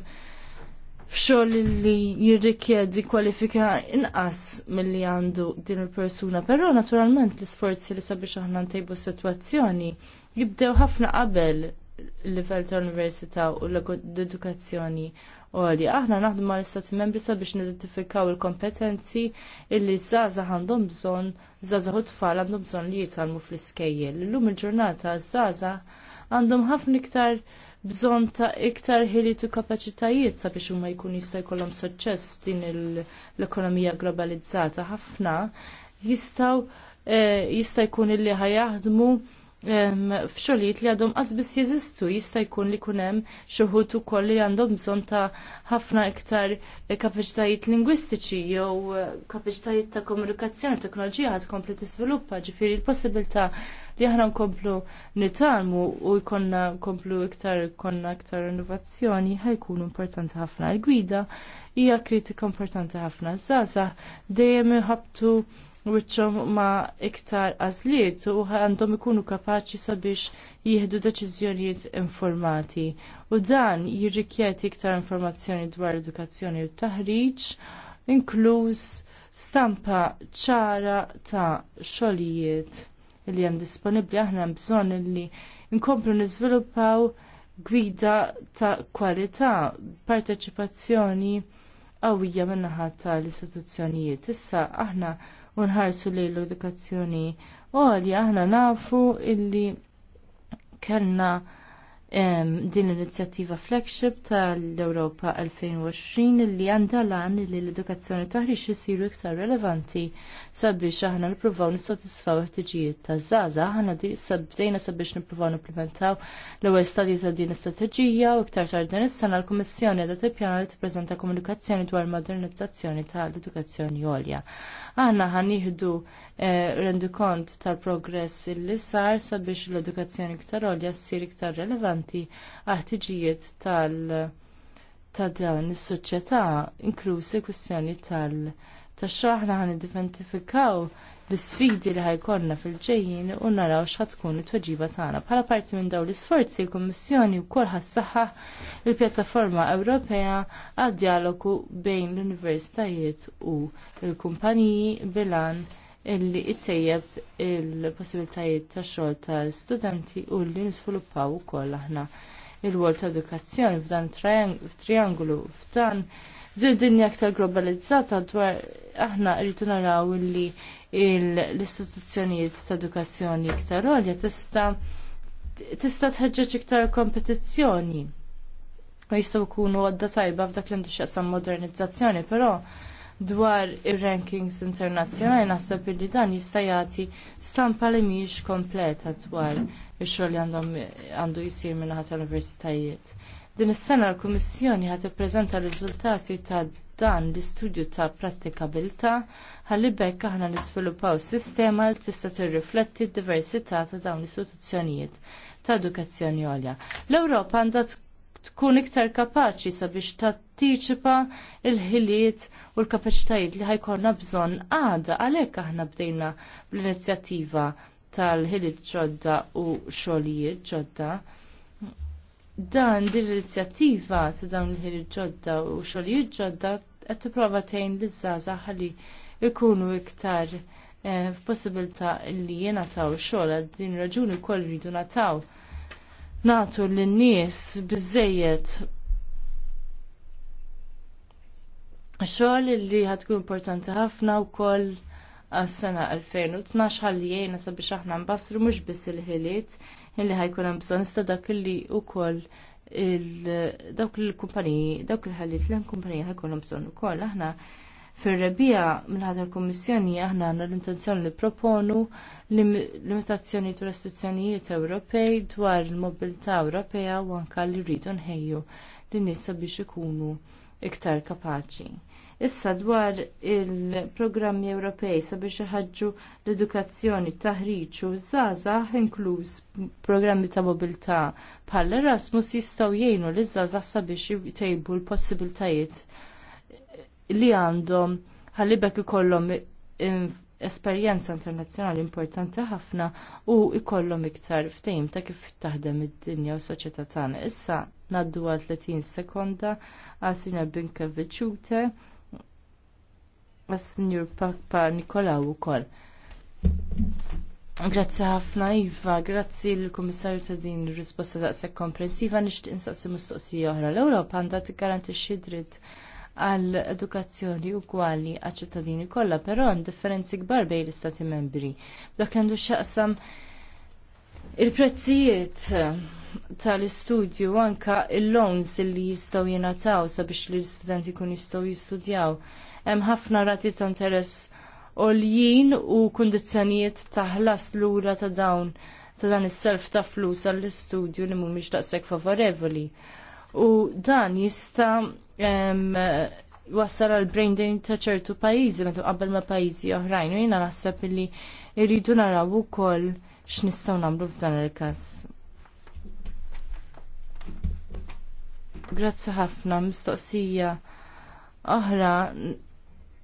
f'xogħol li jirrikjedi kwalifika inqas milli għandu din il-persuna, però naturalment l-isforzi li sabiex aħna ntejbu s-sitwazzjoni jibdew ħafna qabel l livell ta' università u l-edukazzjoni għali. Aħna ma' mal istati membri sabiex nidentifikaw il-kompetenzi illi zaza għandhom bżonn, zaza u tfal għandhom bżonn li jitalmu fl-iskejjel. L-lum il-ġurnata zaza għandhom ħafna iktar bżonn ta' iktar ħiliet u kapaċitajiet sabiex huma jkun jista' jkollhom suċċess f'din l-ekonomija globalizzata ħafna jistgħu eh, jista' jkun illi ħajaħdmu f'xogħlijiet li għadhom biss jeżistu jista' jkun li jkun hemm xi ħud ukoll li għandhom bżonn ta' ħafna iktar eh, kapaċitajiet lingwistiċi jew eh, kapaċitajiet ta' komunikazzjoni, teknoloġija ħad kompli tiżviluppa, ġifieri l-possibilità li aħna nkomplu nitalmu u jkollna nkomplu iktar konna iktar innovazzjoni ħajkun importanti ħafna. l gwida hija kritika importanti ħafna. Zaza dejjem ħabtu wiċċhom ma iktar għażliet u għandhom ikunu kapaċi sabiex jieħdu deċiżjonijiet informati. U dan jirrikjet iktar informazzjoni dwar edukazzjoni u taħriġ, inkluż stampa ċara ta' xogħlijiet li hemm disponibbli aħna hemm bżonn li nkomplu niżviluppaw gwida ta' kwalità, parteċipazzjoni qawwija min-naħa tal-istituzzjonijiet. Issa aħna unħarsu li l-edukazzjoni għolja aħna nafu illi kellna din l-inizjattiva flagship tal-Europa 2020 li għandha lan li l-edukazzjoni taħriċ isiru iktar relevanti sabiex aħna nippruvaw nissodisfaw ħtiġijiet ta' żaża aħna sabdejna sabiex nippruvaw nipplementaw l-ewwel stadji ta' din l-istrateġija u iktar tard din is-sena l-Kummissjoni qiegħda tippjana li tippreżenta komunikazzjoni dwar modernizzazzjoni tal-edukazzjoni għolja. Aħna ħanieħdu Eh, rendu kont tal-progress illi sar sabiex l-edukazzjoni iktar għolja ssir iktar relevanti għal-ħtiġijiet tal- ta' dawn is-soċjetà inklusi kwistjoni tal- ta' xraħna ħan identifikaw l isfidi li ħajkonna fil-ġejjin u naraw tkun it-tweġiba tagħna. Bħala parti minn dawn l-isforzi, l-Kummissjoni wkoll ħassaħħa l pjattaforma Ewropea għad-dialogu bejn l-universitajiet u l-kumpaniji bilan illi ittejjeb il-possibilitajiet ta' xogħol tal-studenti u li nisviluppaw ukoll aħna il-wol ta' edukazzjoni f'dan triangolu f'dan dinja aktar globalizzata dwar aħna rridu naraw illi l-istituzzjonijiet ta' edukazzjoni iktar għolja tista' tista' tħeġġeġ iktar kompetizzjoni. U jistgħu jkunu għadda tajba f'dak l-indixxaqsam modernizzazzjoni, però dwar ir-rankings internazzjonali naħseb li dan jista' jagħti stampa li mhijiex kompleta dwar ix-xogħol li għandu jsir minn ħadd universitajiet. Din is-sena l-Kummissjoni ħat ippreżenta r-riżultati ta' dan l-istudju ta' prattikabilità ħalli bekk aħna nisviluppaw sistema li tista' tirrifletti d-diversità ta' dawn l-istituzzjonijiet ta' edukazzjoni għolja. L-Ewropa għandha tkun iktar kapaċi sabiex tattiċipa il-ħiliet u l-kapaċitajiet li ħajkonna bżonn għada għalhekk aħna bdejna bl-inizjattiva tal-ħiliet ġodda u xogħlijiet ġodda. Dan din l-inizjattiva ta' dawn il-ħiliet ġodda u xogħlijiet ġodda qed tipprova tgħin liż-żgħażagħ ħalli jkunu iktar eh, f'possibilità li jingħataw xogħol għal din raġuni wkoll rridu nataw natu l-nies biżżejjed. xogħol li ħatkun importanti ħafna wkoll għas-sena 2012 ħalli jgħinna sabiex aħna nbassru mhux biss il-ħiliet illi ħajkun hemm bżonn iżda dak li wkoll dawk il-kumpaniji, dawk il-ħalliet l kumpaniji ħajkun hemm bżonn ukoll aħna fir-rebija minħata l-Kummissjoni aħna għandna l-intenzjoni li proponu limitazzjoni tu restrizzjonijiet Ewropej dwar il-mobilità Ewropea u anke li rridu nħejju lin-nies sabiex ikunu iktar kapaċi. Issa dwar il-programmi Ewropej sabiex iħaġġu l-edukazzjoni, taħriġ u żgħażagħ inkluż programmi ta' mobilità bħal Erasmus jistgħu jgħinu li żgħażagħ sabiex jtejbu l-possibiltajiet li għandhom ħallibek ikollhom esperjenza internazzjonali importanti ħafna u jkollhom iktar ftehim ta' kif taħdem id-dinja u soċjetà tagħna. Issa ngħaddu għal 30 sekonda għal sinja Binka għas-Sinjur Papa Nikolaw ukoll. Grazzi ħafna Iva, grazzi l-Kummissarju ta' din risposta daqshekk komprensiva nixtieq insaqsi mistoqsija oħra. L-Ewropa għandha tiggarantixxi dritt għal edukazzjoni ugwali għal ċittadini kollha, però hemm differenzi kbar bejn l-Istati membri. Dak għandu x'aqsam il-prezzijiet tal-istudju anka il-loans li jistgħu jingħataw sabiex li l-istudenti kun jistgħu jistudjaw hemm ħafna rati ta' interess għoljin u kundizzjonijiet ta' ħlas lura ta' dawn ta' dan is-self ta' flus għall-istudju li mhumiex daqshekk favorevoli. U dan jista' wassal għal brain drain ta' ċertu pajjiżi meta qabel ma' pajjiżi oħrajn u jiena naħseb li jridu naraw ukoll x'nistgħu nagħmlu f'dan il-każ. Grazzi ħafna mistoqsija oħra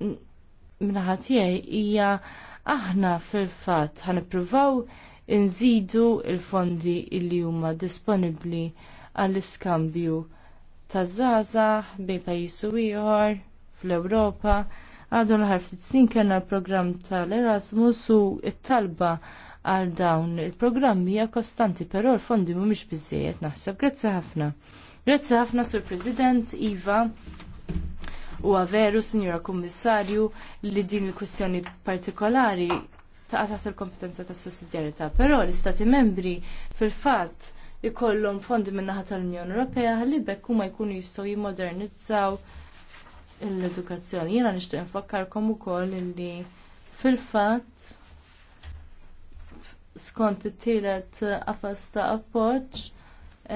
minnaħat tiegħi hija aħna fil-fatt ħanippruvaw inżidu il-fondi illi huma disponibbli għall-iskambju ta' zaza bejn pajjiż ieħor fl-Ewropa. Għadu l-ħar ftit snin kellna l-programm tal-Erasmus u t-talba għal dawn il-programmi hija kostanti, però l-fondi mhumiex biżejjed naħseb. Grazzi ħafna. Grazzi ħafna sur President Iva. U għaveru, Sinjora Kummissarju, li din il-kwistjoni partikolari ta' taħt il-kompetenza ta' sussidjarità. Però l-Istati membri fil-fatt ikollhom fondi min-naħa tal-Unjoni Ewropea ħalli bekku huma jkunu jistgħu jimmodernizzaw l-edukazzjoni. Jiena nixtieq infakkarkom ukoll li fil-fatt skont it-tielet qafas ta' appoġġ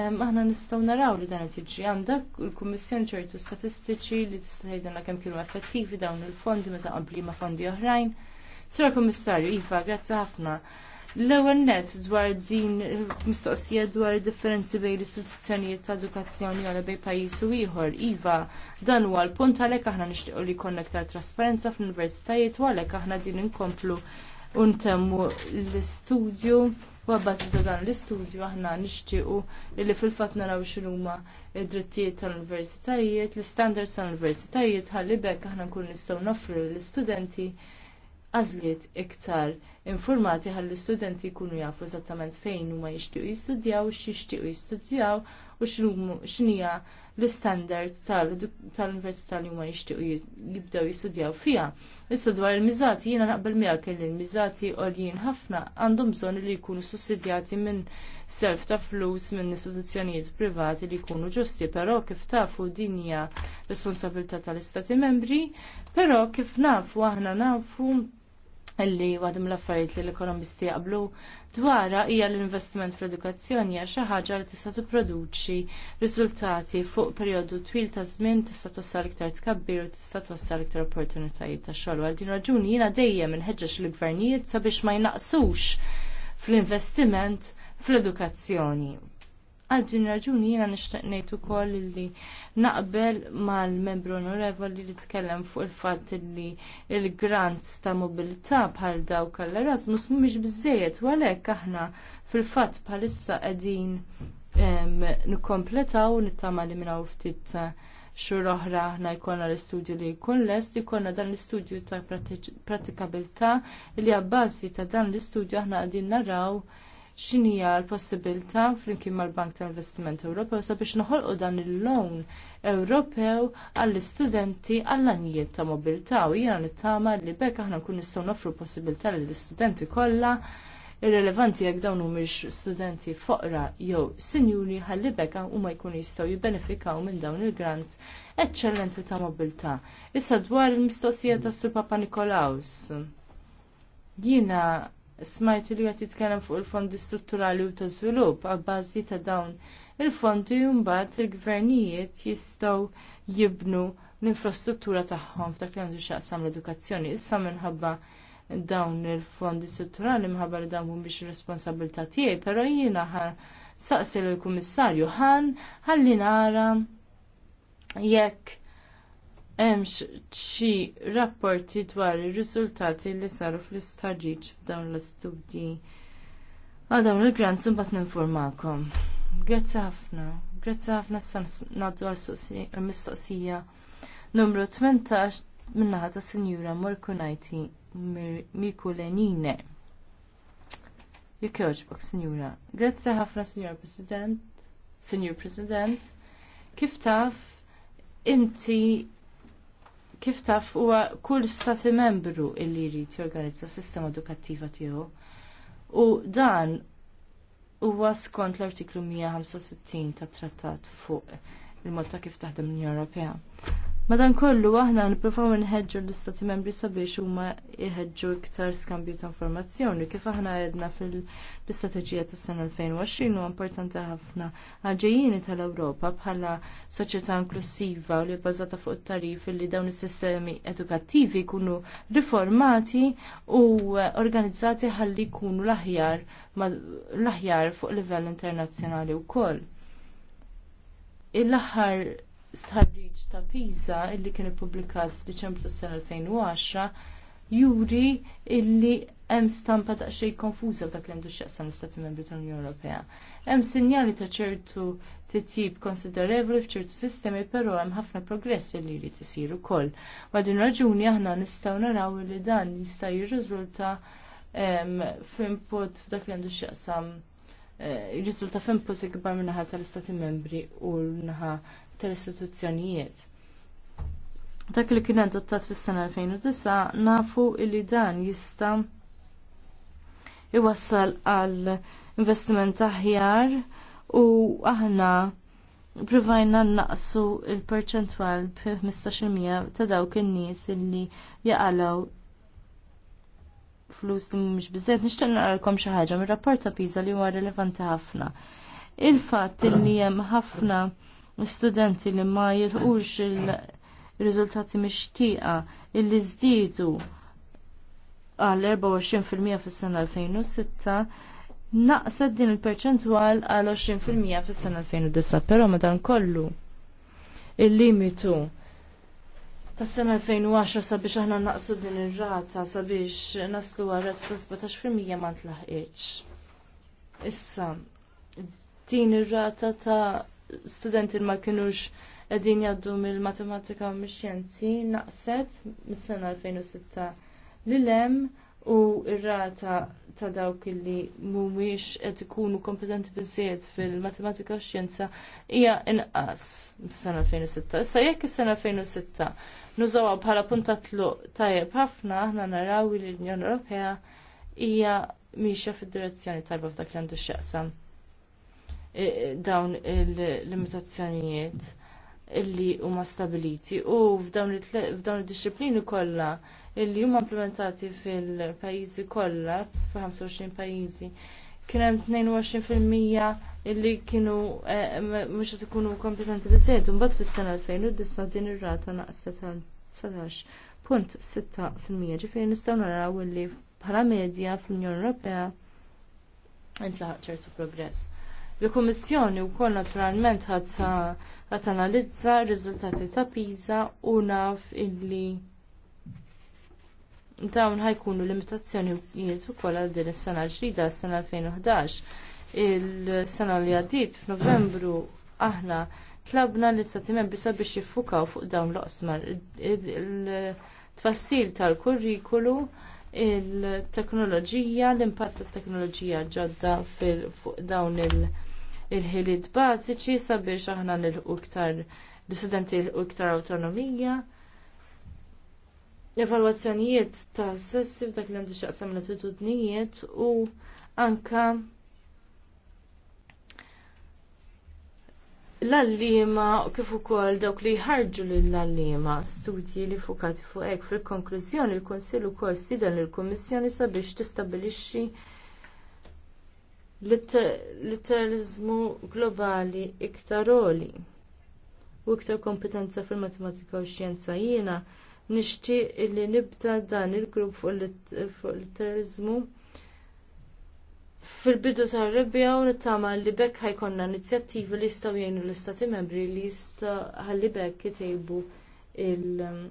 aħna nistgħu naraw li dan qed jiġri għandek il-Kummissjoni ċertu statistiċi li tista' tgħidilna kemm kienu effettivi dawn il-fondi meta qabli ma' fondi oħrajn. Sura Kummissarju, Iva, grazzi ħafna. L-ewwel net dwar din mistoqsija dwar differenzi bejn l-istituzzjonijiet ta' edukazzjoni għal bejn pajjiż u ieħor. Iva, dan huwa l-punt għalhekk aħna nixtiequ li jkollna aktar trasparenza fl-universitajiet u għalhekk aħna din inkomplu untemmu l-istudju U għabbażi ta' dan l-istudju aħna nixtiequ illi fil-fatt naraw x'huma id-drittijiet tal-universitajiet, l-standards tal-universitajiet ħalli bekk aħna nkun nistgħu nofru l-istudenti għażliet iktar informati ħalli l-istudenti jkunu jafu eżattament fejn huma jixtiequ jistudjaw, x'jixtiequ jistudjaw u x'hija l-standard tal-Università li huma jixtiequ jibdew jistudjaw fiha. Issa dwar il-miżati jiena naqbel miegħek li l-miżati għoljin ħafna għandhom bżonn li jkunu sussidjati minn self ta' flus minn istituzzjonijiet privati li jkunu ġusti, però kif tafu din hija responsabilità tal-Istati membri, però kif nafu aħna nafu li għadhom l-affarijiet li l-ekonomisti jaqblu dwarha hija l-investiment fl-edukazzjoni għal xi ħaġa li tista' tipproduċi riżultati fuq perjodu twil ta' żmien tista' twassal iktar tkabbir u tista' twassal iktar opportunitajiet ta' xogħol. Għal din raġuni jiena dejjem inħeġġeġ lill-gvernijiet sabiex ma jnaqsux fl-investiment fl-edukazzjoni Għal din raġuni jiena nixtieq ngħid ukoll li naqbel mal-membru onorevoli li tkellem fuq il fat li il-grants ta' mobilità bħal dawk għall Erasmus mhumiex bizzejet u għalhekk aħna fil-fatt bħalissa qegħdin nikkompletaw nittama li minna ftit eh, xur oħra aħna jkollna l-istudju li jkun lest, jkollna dan l-istudju ta' pratikabilità li għabbażi ta' dan l-istudju aħna qegħdin naraw x'inhija l-possibilità flimkien mal-Bank tal-Investiment Ewropew sabiex noħolqu dan il lown Ewropew għall-istudenti għall-anijiet ta' mobilità u jiena nittama li bekk aħna nkun nistgħu nofru possibilità lill-istudenti kollha irrelevanti jekk dawn mhumiex studenti foqra jew sinjuri ħalli bekka huma jkunu jistgħu jibbenefikaw minn dawn il-grants eċċellenti ta' mobilità. Issa dwar il-mistoqsija tas Sur Papa Nikolaus. Jiena smajt li qed jitkellem fuq il-fondi strutturali u ta' żvilupp għabbażi ta' dawn il-fondi mbagħad il-gvernijiet jistgħu jibnu l-infrastruttura tagħhom f'dak li għandu x'aqsam l-edukazzjoni. Issa minħabba dawn il-fondi strutturali minħabba li dawn mhumiex ir-responsabilità tiegħi, però jiena ħan saqsi l kummissarju ħan ħalli nara jekk hemmx xi rapporti dwar ir-riżultati li saru fl-istħarriġ f'dawn l-istudji. Għal dawn il-grants imbagħad ninformakom. Grazzi ħafna. Grazzi ħafna s ngħaddu għal mistoqsija numru 18 min-naħa tas Sinjura Morkunajti Mikulenine. Jekk jogħġbok, Sinjura. Grazzi ħafna, Sinjur President. Sinjur President. Kif taf, inti kif taf huwa kull stati membru illi jrid jorganizza s sistema edukattiva tiegħu. U dan huwa skont l-artiklu 165 tat-Trattat fuq il malta kif taħdem l-Unjoni Ewropea. Madankollu aħna nippruvaw nħeġġu l-istati membri sabiex huma jħeġġu iktar skambju ta' informazzjoni. Kif aħna għedna fil ta' tas sena 2020 huwa importanti ħafna għalġejjini tal-Ewropa bħala soċjetà inklusiva u li bbażata fuq it-tarif li dawn is-sistemi edukattivi jkunu riformati u organizzati ħalli jkunu l-aħjar l-aħjar fuq livell internazzjonali wkoll. Il-aħħar stħarriġ ta' Pisa illi kien ippubblikat f'Diċembru s-sena 2010 juri illi hemm stampa ta' xej konfuża ta' klim x'jaqsam l-Istati Membri tal-Unjoni Ewropea. Hemm sinjali ta' ċertu titjib konsiderevoli f'ċertu sistemi, però hemm ħafna progress li jrid isir ukoll. Ma' din raġuni aħna nistgħu naraw li dan jista' jirriżulta f'imput f'dak li għandu x'jaqsam eh, jirriżulta f'imput ikbar minnaħa tal-Istati Membri u naħa tal-istituzzjonijiet. Dak li kien adottat fis-sena 2009 nafu li dan jista' iwassal għal investiment aħjar u aħna Provajna naqsu l perċentwal b-15% ta' dawk in-nies illi jaqalaw flus li mhumiex biżżejjed nixtieq naqralkom xi ħaġa mir-rapport ta' Pisa li huwa rilevanti ħafna. Il-fatt li hemm ħafna l studenti li ma jilħux il-riżultati mixtieqa illi żdiedu għal 24% fis-sena 2006 naqsad din il-perċentwal għal 20% fis-sena 2009, però madankollu il-limitu tas sena 2010 sabiex aħna naqsu din ir-rata sabiex naslu għarrat ta' 17% ma ntlaħqitx. Issa, din ir-rata ta' studenti ma kienux qegħdin jaddu mil matematika u mix-xjenzi naqset mis-sena 2006 li lem u r-rata ta' dawk li mhumiex qed ikunu kompetenti biżżejjed fil-matematika u x-xjenza hija inqas mis-sena 2006. Issa jekk is-sena 2006 nużawha bħala punta tluq tajjeb ħafna aħna naraw li l-Unjoni Ewropea hija mixja fid-direzzjoni tajba f'dak li għandu x-xaqsam dawn il-limitazzjonijiet illi huma stabiliti u f'dawn id-disciplini kollha illi huma implementati fil-pajjiżi kollha fi 25 pajjiżi kien hemm 22% illi kienu eh, mhux qed ikunu kompetenti biżejjed u mbagħad fis-sena 2009 din ir-rata naqset għal 17.6% ġifieri nistgħu naraw illi bħala medja fl-Unjoni Ewropea intlaħaq ċertu progress. Il-Kummissjoni wkoll naturalment ħadd analizza r-riżultati ta' Pisa u naf illi dawn ħajkunu limitazzjonijiet ukoll għal din is-sena l-ġdida s-sena 2011. Il-sena li għaddiet f'Novembru aħna tlabna l-istati membri sabiex jiffukaw fuq dawn l-oqsmar. Il-tfassil tal-kurrikulu il-teknoloġija, l-impatt tat teknoloġija ġodda fuq dawn il- il-ħiliet bażiċi sabiex aħna nilħu iktar l-istudenti nilħu iktar awtonomija. Evalwazzjonijiet ta' sessi f'dak li għandu xaqsam l-attitudnijiet u anka l-allima kif ukoll dawk li jħarġu lill-allima studji li fukati fuq hekk fil-konklużjoni l kunsill ukoll stidan lill-Kummissjoni sabiex tistabbilixxi l-literalizmu globali iktar roli u iktar kompetenza fil-matematika u xjenza jiena nixtieq li nibda dan il-grupp fuq il literalizmu fil-bidu tar-rebbija u nittama li bekk ħajkonna inizjattivi li jistgħu jgħinu l-istati membri li jista' ħalli bekk jitejbu il- um,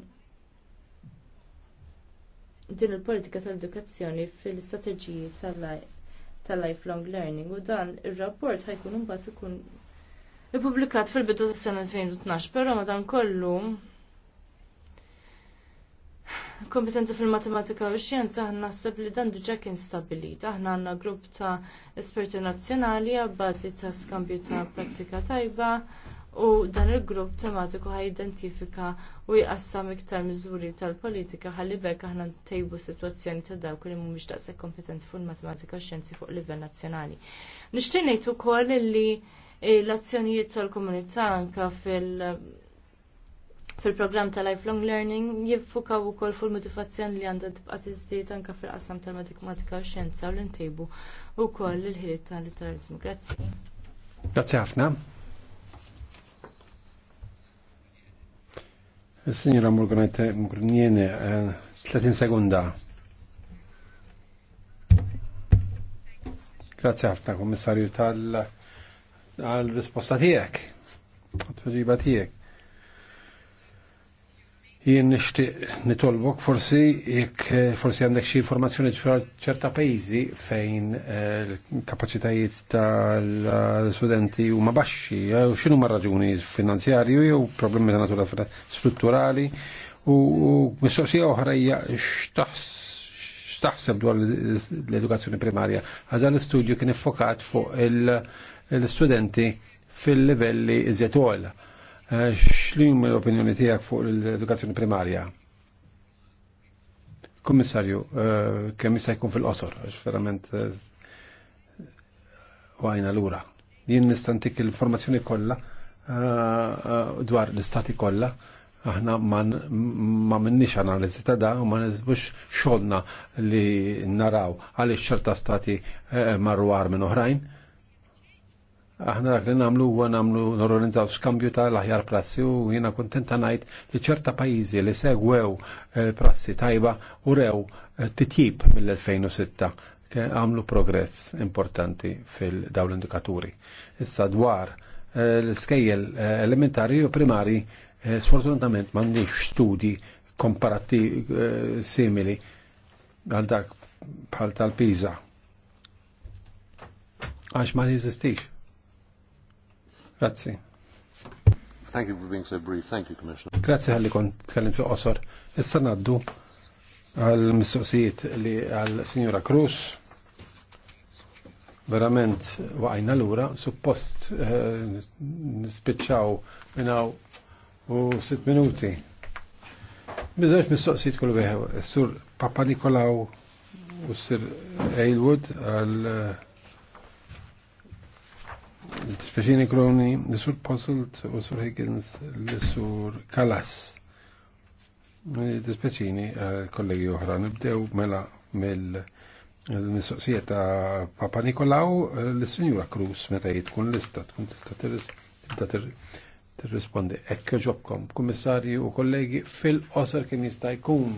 din il-politika tal-edukazzjoni fil-istrateġiji tal-lajq tal-lifelong learning u dan ir-rapport ħajkun imbagħad ikun ippubblikat fil-bidu tas-sena 2012, però kollu kompetenza fil-matematika u xjenza aħna naħseb li dan diġà kien stabilit. Aħna għandna grupp ta' esperti nazzjonali għabbażi ta' skambju ta' prattika tajba u dan il-grupp tematiku ħaj identifika u jqassam iktar miżuri tal-politika ħalli bekk aħna ntejbu sitwazzjoni ta' dawk li mhumiex daqshekk kompetenti fuq il-matematika u xjenzi fuq livell nazzjonali. Nixtieq ngħid ukoll li eh, l-azzjonijiet tal-komunità anke fil- fil-programm ta' lifelong learning jiffukaw ukoll fuq il-motivazzjoni li għandha tibqa' tiżdied anke fil-qasam tal-matematika u xjenza u l-intejbu wkoll il-ħiliet tal-literalizmu. Grazzi. Grazzi ħafna. Signora eh, 30 sekonda. Grazie ħafna, Kommissarju, tal-risposta tijek, tal-tweġiba tijek jien nixtieq nitolbok forsi jekk eh, forsi għandek xi informazzjoni ċerta pajjiżi fejn eh, l-kapaċitajiet tal-studenti huma baxxi, jew x'inhu ma raġuni finanzjarju u problemi ta' natura strutturali u mistoqsija oħra hija x'taħseb dwar l-edukazzjoni primarja. Għażal l-istudju kien iffokat fuq l-studenti fil-livelli iżjed Xlim l-opinjoni tijak fuq l-edukazzjoni primarja? Kommissarju, eh, kemm jista' jkun fil-qosor, għax verament eh, għajna l-ura. Jien nistantik l-informazzjoni kollha eh, dwar l-istati kollha, aħna ma minnix analizi ta' da, u ma nizbux xolna li naraw għalix ċerta stati marwar minn oħrajn Aħna dak li namlu huwa namlu norganizzaw skambju tal-aħjar prassi u jiena kuntenta ngħid li ċerta pajjiżi li segwew eh, prassi tajba u rew eh, titjib mill-2006 għamlu progress importanti fil-dawl indikaturi. Issa dwar eh, l-skejjel elementari u primari sfortunatament m'għandix studji komparatti simili għal dak bħal tal-Pisa. Għax ma jeżistix Grazzi. Thank you for being so brief. Thank you, Commissioner. Grazzi għalli kont tkellim fi qosor. Issa naddu għal-mistoqsijiet li għal signora Cruz. Verament waqajna l-ura, suppost eh, nispiċċaw minnaw u sitt minuti. Bizzax mistoqsijiet kull veħew. Sur Papa Nikolaw u Sir Aylwood għal eh, Speċini Kroni, l-sur Posselt u sur Higgins, l-sur Kalas. Dispeċini eh, kollegi uħra, nibdew mela mill nistoqsija ta' Papa Nikolaw eh, l-Sinjura Cruz meta jitkun l lista tkun tista' tibda tirrispondi Ekka ġobkom, kummissarju u kollegi fil-qosar kien jista' jkun.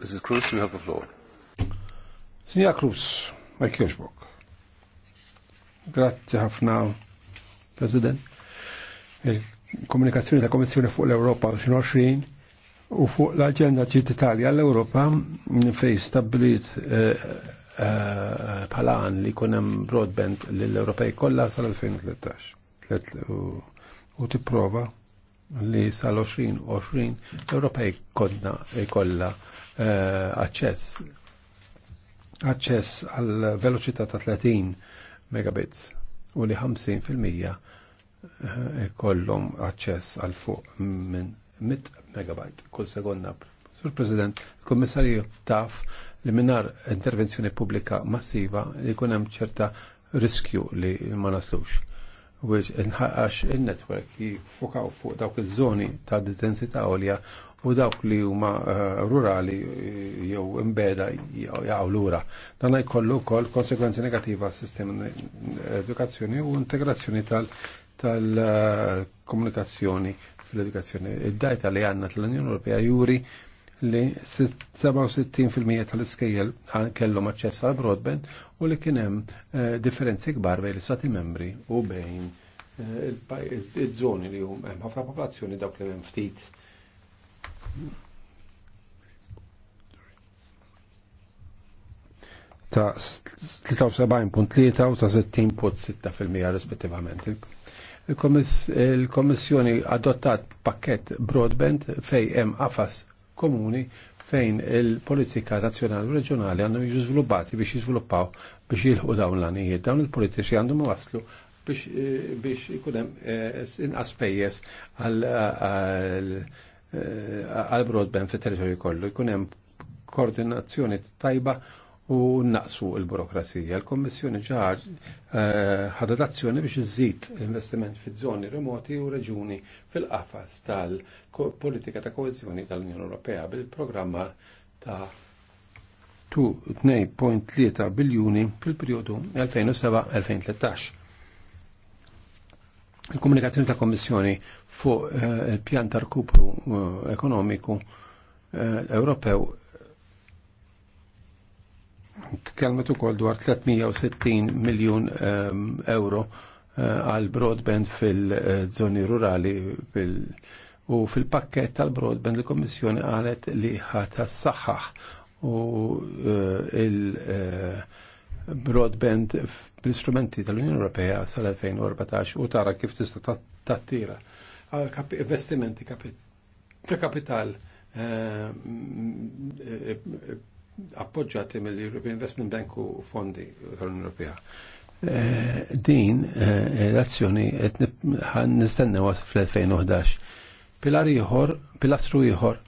Mrs. Cruz, you have the floor. Sinja Cruz, ma jkjoġbok. Grazzi ħafna, President. Il-komunikazzjoni ta' Komissjoni fuq l-Europa 2020 u fuq l-agenda Italja l europa fej stabilit palan eh, eh, li kunem broadband l-Europej kollha sal-2013 u tipprova li sal-2020 l-Europej kolla eh, aċċess aċċess għal veloċità ta' 30 megabits u li 50% eh, ikollhom aċċess għal fuq minn 100 megabyte kull sekonda. Sur President, il-Kommissarju taf li minnar intervenzjoni pubblika massiva li kun hemm ċerta riskju li ma naslux. Wiex inħaqqax in netwerk jifukaw fuq dawk iż-żoni ta' densità għolja u dawk li huma eh, rurali jew imbeda jaqgħu lura. Dan jkollu wkoll konsekwenzi negattiva għas-sistema eh, edukazzjoni u integrazzjoni tal-komunikazzjoni eh, fl-edukazzjoni. Id-dajta li għandna tal-Unjoni Ewropea juri li 67% tal-iskejjel kellhom aċċess għal broadband u li kien hemm differenzi kbar bejn l-istati membri u bejn il-żoni li hemm ħafna popolazzjoni dawk li hemm ftit ta' 73.3 u ta' 60.6% rispettivament. Il-Komissjoni adottat pakket broadband fej hemm afas komuni fejn il-politika nazzjonali u reġjonali għandhom jiġu żviluppati biex jiżviluppaw biex jilħu dawn l għanijiet Dawn il-politiċi għandhom waslu biex eh, ikun hemm eh, inqas pejjeż għal Eh, għal-broadband fit territorju kollu. Jkun hemm koordinazzjoni tajba u naqsu l-burokrazija. L-Kommissjoni ġar eh, ħadat azzjoni biex iżid investiment fi żoni remoti u reġuni fil-qafas tal-politika ta' koezjoni tal-Unjoni Ewropea bil-programma ta' 2.3 biljuni fil-periodu 2007-2013. Il-komunikazzjoni ta' Kommissjoni fuq eh, il-pjan ta' rkupru eh, ekonomiku eh, Ewropew tkellmet ukoll dwar 360 miljun euro għal broadband fil zoni rurali fil u fil-pakket tal-broadband il-Kommissjoni qalet li ħata s-saħħaħ u il-broadband bl-istrumenti tal-Unjoni Ewropea sal-2014 u tara kif tista' tattira. Ta għal investimenti kapit kapital eh, eh, eh, appoġġati mill-European Investment Bank u fondi tal-Unjoni Ewropea. Din l-azzjoni qed nistennew fl-2011. Pilar ieħor, pilastru ieħor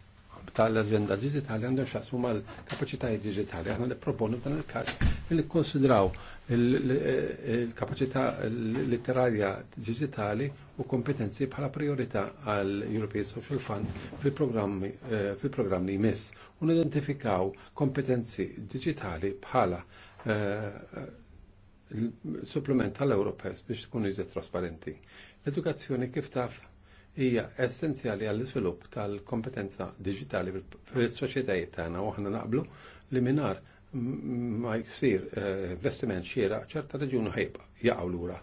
tal-agenda digitali għandhom xasmu mal-kapacitajiet digitali. li proponu dan il kas li konsidraw il-kapacità litterarja digitali u kompetenzi bħala priorità għal European Social Fund fil-programmi li jmiss u nidentifikaw kompetenzi digitali bħala supplement tal-Europews biex tkun iżet trasparenti. L-edukazzjoni kif taf hija essenzjali għall iżvilupp tal-kompetenza digitali fil-soċjetajiet tagħna u aħna naqblu li minar ma jsir eh, investiment xiera ċerta reġjuni ħejba jaqgħu lura.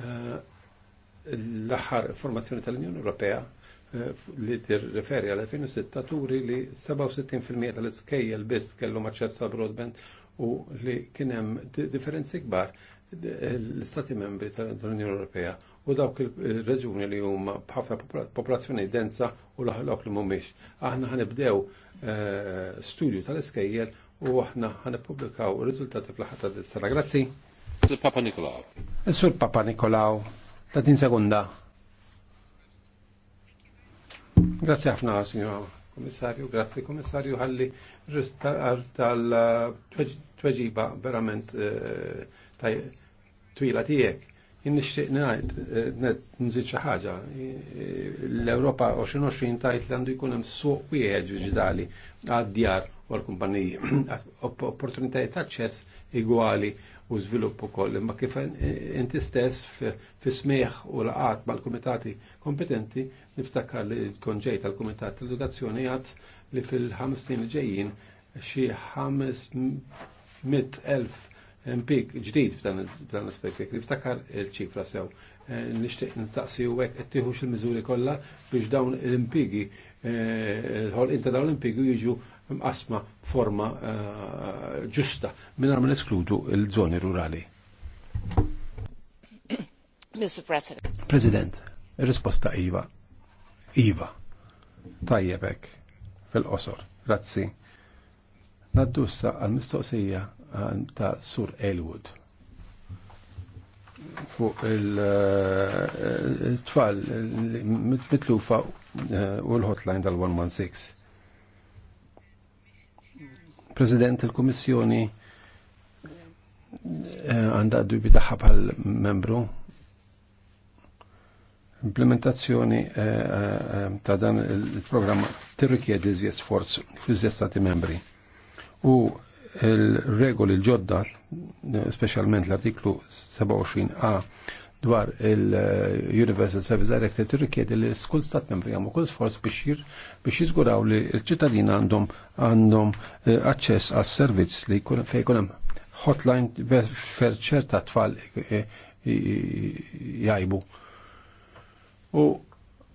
Eh, l-aħħar informazzjoni tal-Unjoni Ewropea eh, li tirreferi għal 2006 turi li 67% tal-iskejjel biss kellhom aċċess għal broadband u li kien hemm differenzi kbar l-Stati membri tal-Unjoni Ewropea u dawk il-reġuni li huma b'ħafna popolazzjoni densa u l-oħloq li mhumiex. Aħna ħanibdew studju tal-iskejjel u aħna ħanippubblikaw publikaw rizultati fl-ħadd ta' dis-sena. Grazzi. Papa Nikolaw. Sur Papa Nikolaw, 30 sekunda. Grazzi ħafna, signor Komissarju, grazzi Komissarju għalli r-istar tal-tweġiba verament eh, twila tijek. Jinnixtieq ngħid eh, nżid xaħġa, l europa 2020 tajt li għandu jkunem suq u jħedġu ġidali għad-djar u l kumpaniji Opportunitajiet ta' ċess igwali u żvilupp ukoll. Imma kif inti stess fis-smieħ u laqat mal-kumitati kompetenti niftakar li l-konġej tal-kumitat tal-edukazzjoni għad li fil-ħames snin ġejjin xi ħames mit elf impik ġdid f'dan l-aspekt niftakar il-ċifra sew. Eh, nixtieq nistaqsi u għek il-miżuri kollha biex dawn l-impigi eh, l ħol ta' dawn l-impigi jiġu mqasma forma eh, ġusta minn ma neskludu l-żoni rurali. Mr. President. President, risposta Iva. Iva. Tajjebek fil-qosor. Grazzi. Naddussa għal-mistoqsija eh, ta' Sur Elwood fuq eh, il-tfal mitlufa u l-hotline tal-116. President il-Kummissjoni eh, għandha dubi tagħha bħal membru implementazzjoni eh, eh, ta' dan il-programm tirrikjedi iżjed sforz fl-iżjed stati membri. U il-regoli l-ġodda, specialment l-artiklu 27a dwar il-Universal Service Director tirrikjedi li skull stat membri għamu kull sforz biex biex jizguraw li l-ċittadin għandhom għandhom eh, aċċess għas servizz li fejkunem jkun hotline fer ċerta tfal eh, eh, jajbu. U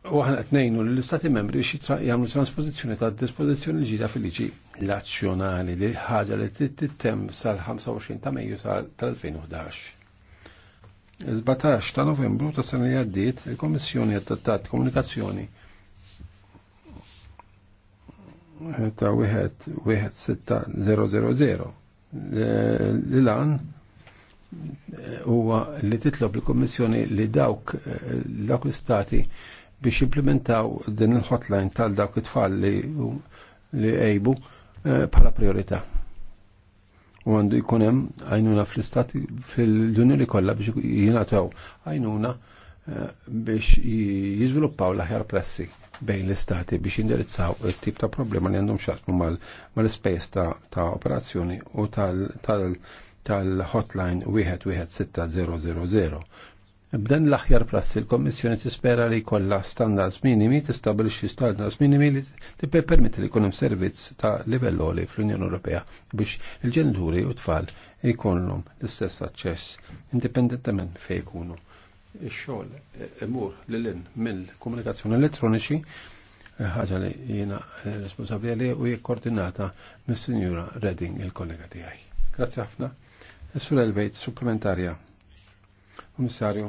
għahna t-nejnu li l-istati membri jgħamlu transpozizjoni ta' dispozizjoni ġira fil-liġi nazjonali li ħagġa li t-tem sal-25 ta' Mejju tal-2011. 17 ta' novembru ta' sena jaddit għaddiet il-Komissjoni għattat komunikazzjoni ta' 1-6-000 l-lan huwa li titlob il-Komissjoni li dawk dawk l-istati biex implementaw din il-hotline tal dawk it-tfal li għejbu eh, bħala priorita' u għandu jkun hemm għajnuna fl-istati fil-ġunjuri kollha biex jingħataw għajnuna eh, biex jiżviluppaw l-aħjar pressi bejn l-istati biex jindirizzaw il-tip ta' problema li għandhom xaqmu mal-space ta' operazzjoni u tal-hotline 11600 B'dan l-aħjar prassi il kommissjoni tispera li kollha standards minimi tistabilixxi standards minimi li tippermetti li jkun hemm servizz ta' livell oli fl-Unjoni Ewropea biex il-ġenituri u tfal jkollhom l-istess aċċess indipendentement fejn jkunu. Ix-xogħol eh, imur lilin mill-komunikazzjoni elettroniċi eh, ħaġa li jiena eh, responsabbli li u jikkoordinata mis-Sinjura Redding il-kollega tiegħi. Grazzi ħafna. Sur elbejt supplementarja Komissarju,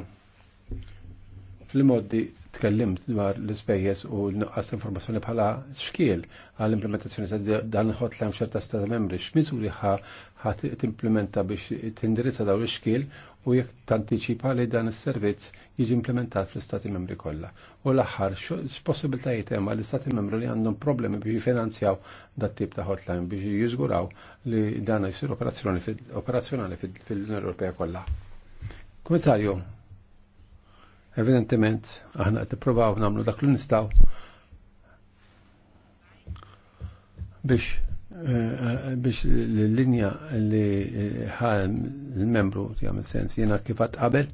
fil-moddi tkellimt dwar l-ispejjeż u l-nuqqas informazzjoni bħala xkiel għall-implementazzjoni ta' dan ħot l ċerta stata membri x'miżuri ħa t-implementa biex tindirizza daw l-xkiel u jekk tantiċipa li dan is-servizz jiġi implementat fl-istati membri kollha. U l-aħħar x'possibiltajiet hemm għall-istati membri li għandhom problemi biex jifinanzjaw dat tip ta' hotline biex jiżguraw li dan jsir operazzjonali fil-Unjoni Ewropea kollha. Komissarju, evidentement, aħna qed nippruvaw nagħmlu dak li nistgħu biex eh, biex l-linja li eh, ħal l-membru jgħamil sens jena kifat qabel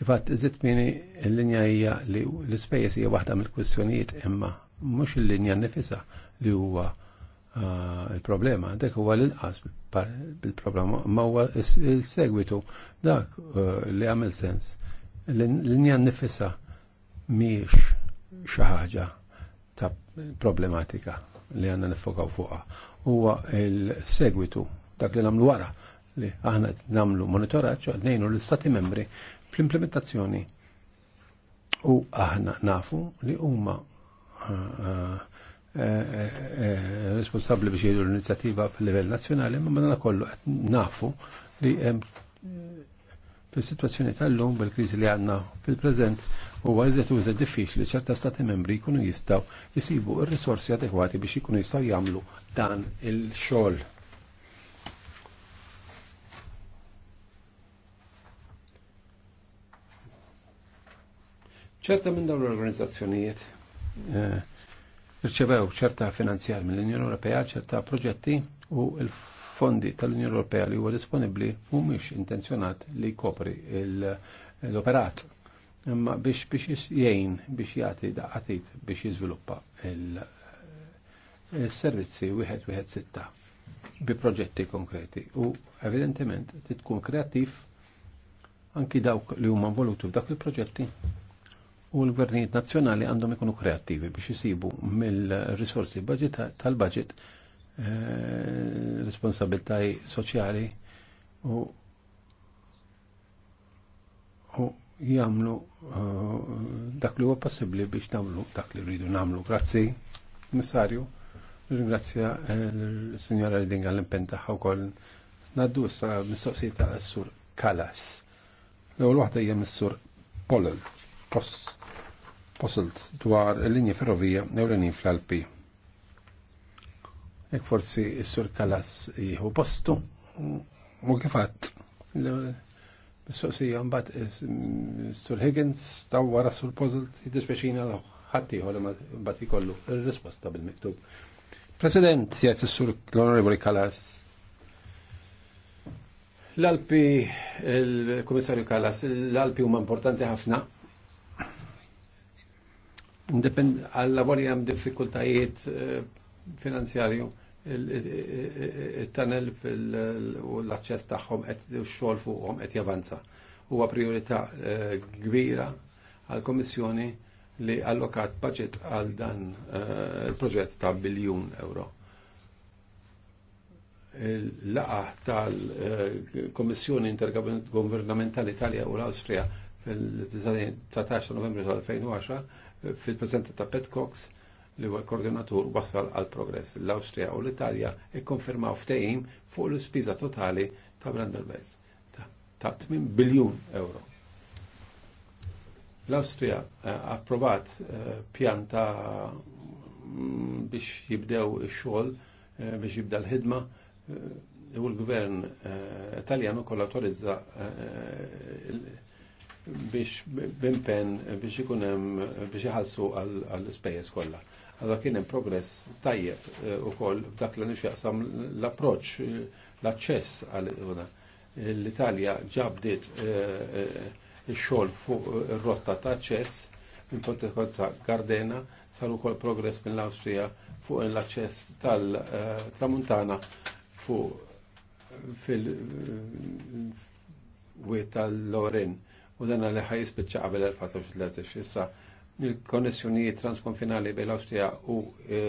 kifat iżit mini l-linja hija li l-spejjeż hija waħda mill-kwistjonijiet imma mhux il-linja nifisa li huwa Ah, il-problema, dek huwa l-inqas bil-problema, ma eh, huwa il-segwitu dak li għamil sens. L-linja nifissa miex xaħġa ta' problematika li għanna nifokaw fuqa. Huwa il-segwitu dak li namlu wara li aħna namlu monitoraċ għadnejnu l-istati membri fl-implementazzjoni u aħna nafu li huma uh, uh, Eh, eh, eh, responsabli biex jgħidu l inizjativa fil-livell nazzjonali, ma madana kollu nafu li fil-situazzjoni tal-lum bil-krizi li għanna fil-prezent u għazet u għazet diffiċli ċerta stati membri jkunu jistaw jisibu il-risorsi adekwati biex jkunu jistaw jamlu dan il-xol. ċerta minn dawn l-organizzazzjonijiet Riċevew ċerta finanzjar mill-Unjoni Ewropea, ċerta proġetti u l-fondi tal-Unjoni Ewropea li huwa disponibbli mhumiex intenzjonat li jkopri l-operat imma biex biex jgħin biex jagħti daqatit biex jiżviluppa il-servizzi wieħed wieħed sitta bi proġetti konkreti u evidentement titkun kreattiv anki dawk li huma involuti f'dak il-proġetti u l-gvernijiet nazzjonali għandhom ikunu kreattivi biex jisibu mill-risorsi tal-budget eh, responsabiltaj soċjali u u jagħmlu eh, dak li huwa possibbli biex nagħmlu dak li rridu nagħmlu. Grazzi, missarju, Ringrazzja l-Sinjora eh, Ridinga l-impen tagħha wkoll. Naddu issa mistoqsijiet ta' s-sur Kalas. L-ewwel waħda hija mis-sur Pollen. Post. Posselt dwar il-linji ferrovija jew ewlenin fl-Alpi. Jek forsi s-sur Kalas jieħu postu, mu kifat Mistoqsija mbagħad Sur Higgins taw wara s sur puzzle jiddispeċina law ħadd ieħor mbagħad ikollu ir-risposta bil-miktub. President jgħid is-sur l-Onorevoli Kalas. L-Alpi, il komissarju Kalas, l-Alpi huma importanti ħafna għalla voli għam diffikultajiet eh, finanzjarju il-tunnel u l-access tagħhom qed xogħol fuqhom qed javanza. Huwa priorità eh, kbira għall komissjoni li allokat budget għal dan eh, il-proġett ta' biljun euro. Il-laqa tal komissjoni Intergovernamentali Italja u l-Awstrija fil-19 novembru 2010 fil-prezenza ta' Petcox li huwa koordinatur wasal għal progress. L-Awstrija u l-Italja ikkonfermaw ftehim fuq l-ispiża totali ta' Brandenburg ta' 8 biljun euro. L-Awstrija eh, approvat eh, pjan ta' mm, biex jibdew ix-xogħol eh, biex jibda l-ħidma u l-gvern Italjan ukoll autorizza biex bimpen biex ikunem biex iħassu għal ispejjeż kollha. Għadha kien hemm progress tajjeb eh, ukoll f'dak li nixjaqsam l-approċċ l-aċċess għal l-Italja ġabdiet eh, eh, ix-xogħol fuq ir-rotta ta' aċċess minn konsekwenza Gardena sar ukoll progress minn l awstrija fuq l-aċċess tal-Tramuntana fuq fil-wiet tal-Loren u dan li ħaj jispiċċa qabel 1430 issa il-konnessjonijiet transkonfinali bejn l u e,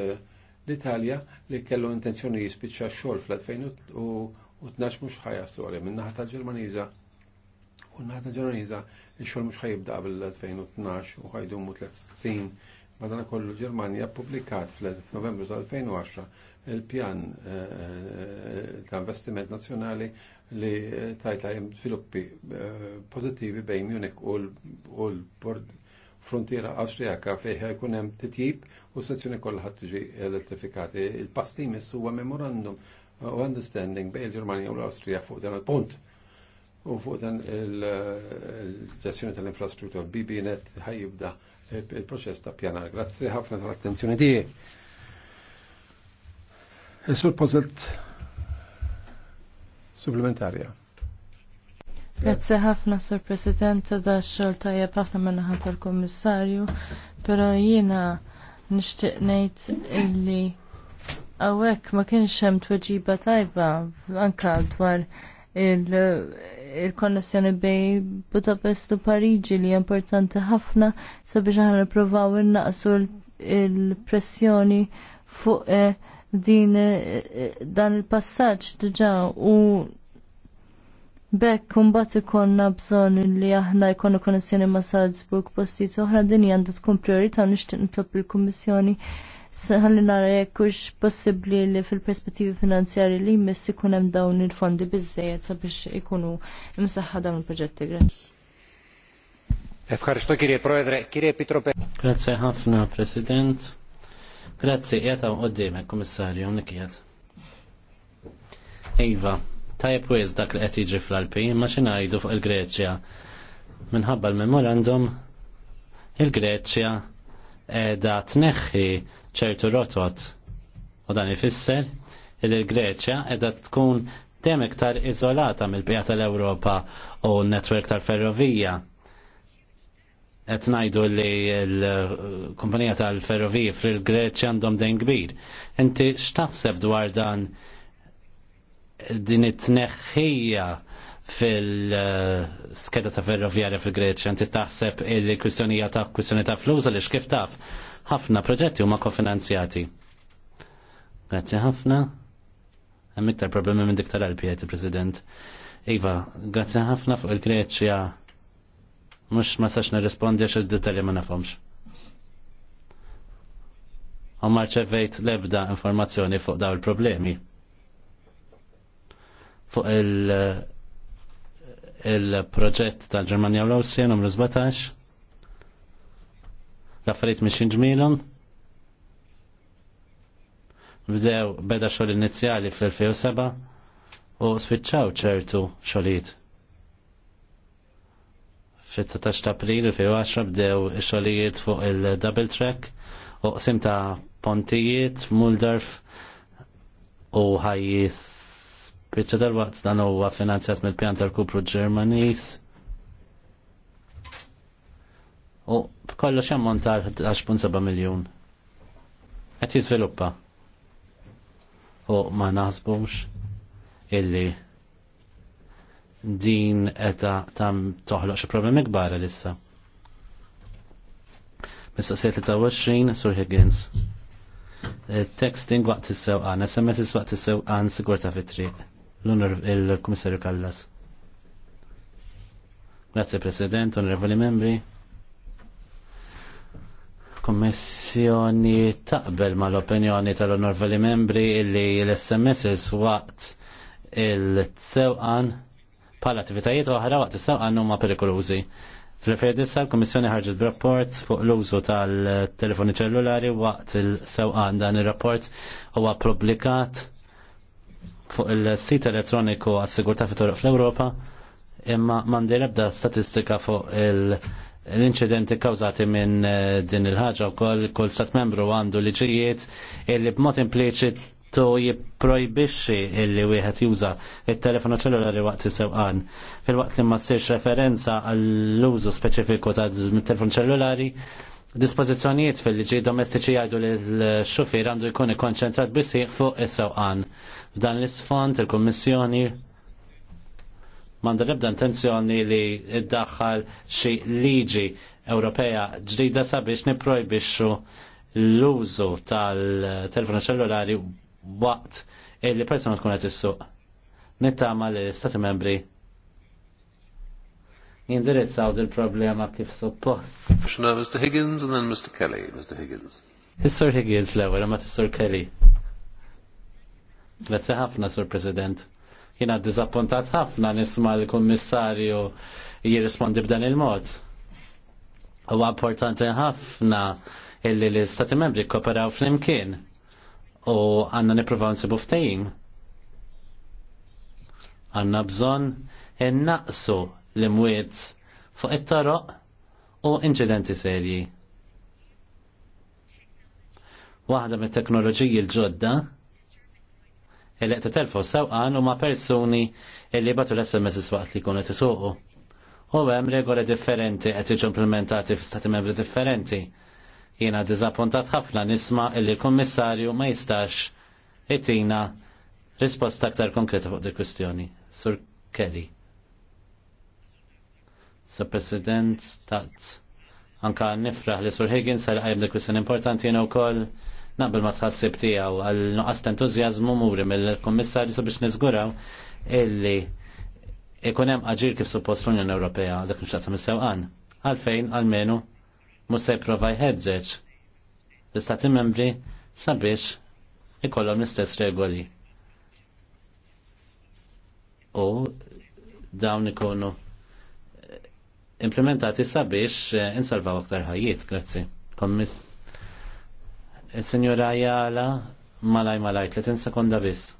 l-Italja li kellu intenzjoni jispiċċa xogħol fl-2012 u ħajaslu għalih min-naħa tal-Ġermaniża u n-naħa tal il-xogħol mhux ħajibda qabel 2012 u ħajdumu tliet sin Madana kollu Ġermanja publikat fl-Novembru tal-2010 il-pjan eh, eh, ta' investiment nazjonali li eh, tajta jem sviluppi pozittivi bejn Munich u l-Bord frontiera Awstrijaka fejħa jkun hemm titjib u sezzjoni kollha tiġi elettrifikati. Il-pastim huwa memorandum u understanding bejn il-Ġermanja u l-Awstrija fuq dan il-punt. U fuq dan il-ġestjoni tal-infrastruttur BB net ħajibda il-proċess ta' pjanar. Grazie ħafna tal-attenzjoni di. Sur pożelt supplementarja. Grazie ħafna, Sur President, da xol tajjeb ħafna minnaħat tal-Kommissarju, pero jina nishtiq nejt illi għawek ma kienx hemm tweġiba tajba anka dwar il- il-konnessjoni bej Budapest u Pariġi li importanti ħafna sabiex aħna nippruvaw innaqsu il-pressjoni fuq eh, din eh, dan il-passaġġ diġà u Bekk, kumbat ikonna bżon li aħna jkonna konnessjoni ma' Salzburg postijiet oħra din għandha tkun priorità nixtieq nitlob il-Kummissjoni ħalli nara jekk hux possibbli li fil-perspettivi finanzjarji li jmiss ikun hemm dawn il-fondi biżejjed sabiex ikunu imsaħħa dawn il-proġetti. Grazie ħafna, President. Grazzi, jgħata u għoddimek, komissarju, nikijat. Iva, tajb wiz dak li qed jiġri fl-Alpi, ma ngħidu fuq il-Greċja. Minħabba l-memorandum, il-Greċja edha tneħħi ċertu rotot. U dan ifisser li l-Greċja edha tkun dem iktar izolata mill-bija tal-Ewropa u n-netwerk tal-ferrovija. Et najdu li l-kumpanija tal-ferrovija fil-Greċja għandhom dejn kbir. Inti x'taħseb dwar dan din it-tneħħija fil-skeda ta' ferrovjarja fil-Greċja, inti taħseb il-kwistjonija ta' kwistjoni ta' flus li xkif taf ħafna proġetti huma kofinanzjati. Grazzi ħafna. Hemm iktar problemi minn dik tal-albijiet il-President. Iva, grazzi ħafna fuq il-Greċja. Mhux ma sax nirrispondi għax id-dettalji ma nafhomx. U ma rċevejt l-ebda informazzjoni fuq daw il-problemi. Fuq il- il-proġett tal-Ġermanja u l-Awsien u 17 l-affarijiet mhix Bdew beda xogħol inizjali fl-2007 u spiċċaw ċertu xolit. Fit-16 April 2010 bdew xogħlijiet fuq il-double track u qsim ta' pontijiet Muldorf u ħajjis Bicċa tal-waqt dan huwa finanzjat mill-pjan tal-Kupru Ġermanis u kollox ammontar 10.7 miljon. Qed jiżviluppa. U ma naħsbux illi din eta tam toħloq xi problemi kbar issa. Mistoqsija 23 Sur Higgins. Texting waqt t-sew għan, SMS waqt is-sewqan sigurta fit-triq. L-Unur il-Kummissarju Kallas. Grazie President, onorevoli membri kummissjoni kommissjoni taqbel mal-opinjoni tal-onorvali membri illi l-SMS waqt il-sewqan pala attivitajiet oħra waqt is-sewqan huma perikolużi. Fl-referdi l-Kommissjoni ħarġet b'rapport fuq l-użu tal-telefoni ċellulari waqt il-sewqan dan ir-rapport huwa publikat fuq il-sit elettroniku għas-sigurtà fit-toroq fl-Ewropa imma mandi ebda statistika fuq il- l-inċidenti kawzati minn eh, din il-ħagġa u koll kull sat membru għandu liġijiet illi b'mod impliċitu jipprojbixxi illi wieħed juża il-telefono ċellulari waqt is-sewqan. Fil-waqt li ma ssirx referenza għall-użu speċifiku tal-telefon ċellulari, dispożizzjonijiet fil-liġi domestiċi jgħidu li l-xufir għandu jkun ikkonċentrat bissi fuq is-sewqan. F'dan l-isfond il-Kummissjoni Manda nibda intenzjoni li iddaħħal xi liġi Ewropea ġdida sabiex niprojbixxu l-użu tal-telefon ċellulari waqt illi persona tkun qed issuq. Nittama li stati membri jindirizzaw il problema kif suppost. Commissioner Mr. Higgins and then Mr. Kelly, Mr. Higgins. Is-Sur Higgins l-ewwel, imma tis sur Kelly. Grazzi ħafna, Sur President. Jina dizappuntat ħafna nisma l-kommissarju jirrispondi b'dan il-mod. Huwa importanti ħafna illi l-Stati membri kooperaw fl-imkien u għanna niprofaw nsibu ftejim. Għanna bżon innaqsu l-imwiet fuq it-toroq u inċidenti serji. Waħda mit-teknoloġiji l-ġodda il-li t sewqan u ma personi il-li batu l-SMS waqt li kunet isuqu. U hemm regoli differenti qed jiġu implementati f'stati membri differenti. Jiena diżappuntat ħafna nisma' illi l-Kummissarju ma jistax itina risposta aktar konkreta fuq dik kwestjoni Sur Kelly. Sur President Tat. Anka nifraħ li Sur Higgins sar qajm dik kwistjoni importanti jiena wkoll naqbel ma tħassib tiegħu għal nuqqas entużjażmu muri mill-Kummissarju sabiex niżguraw illi ikun hemm aġir kif suppost l-Unjoni Ewropea dak mhux taqsam il sewqan Għalfejn għalmenu mhux se jipprova jħeġġeġ l-istati membri sabiex ikollhom l-istess regoli. U dawn ikunu implementati sabiex insalvaw aktar ħajjiet, grazzi. Kommiss Signora Ayala malaj malaj, 30 sekonda biss.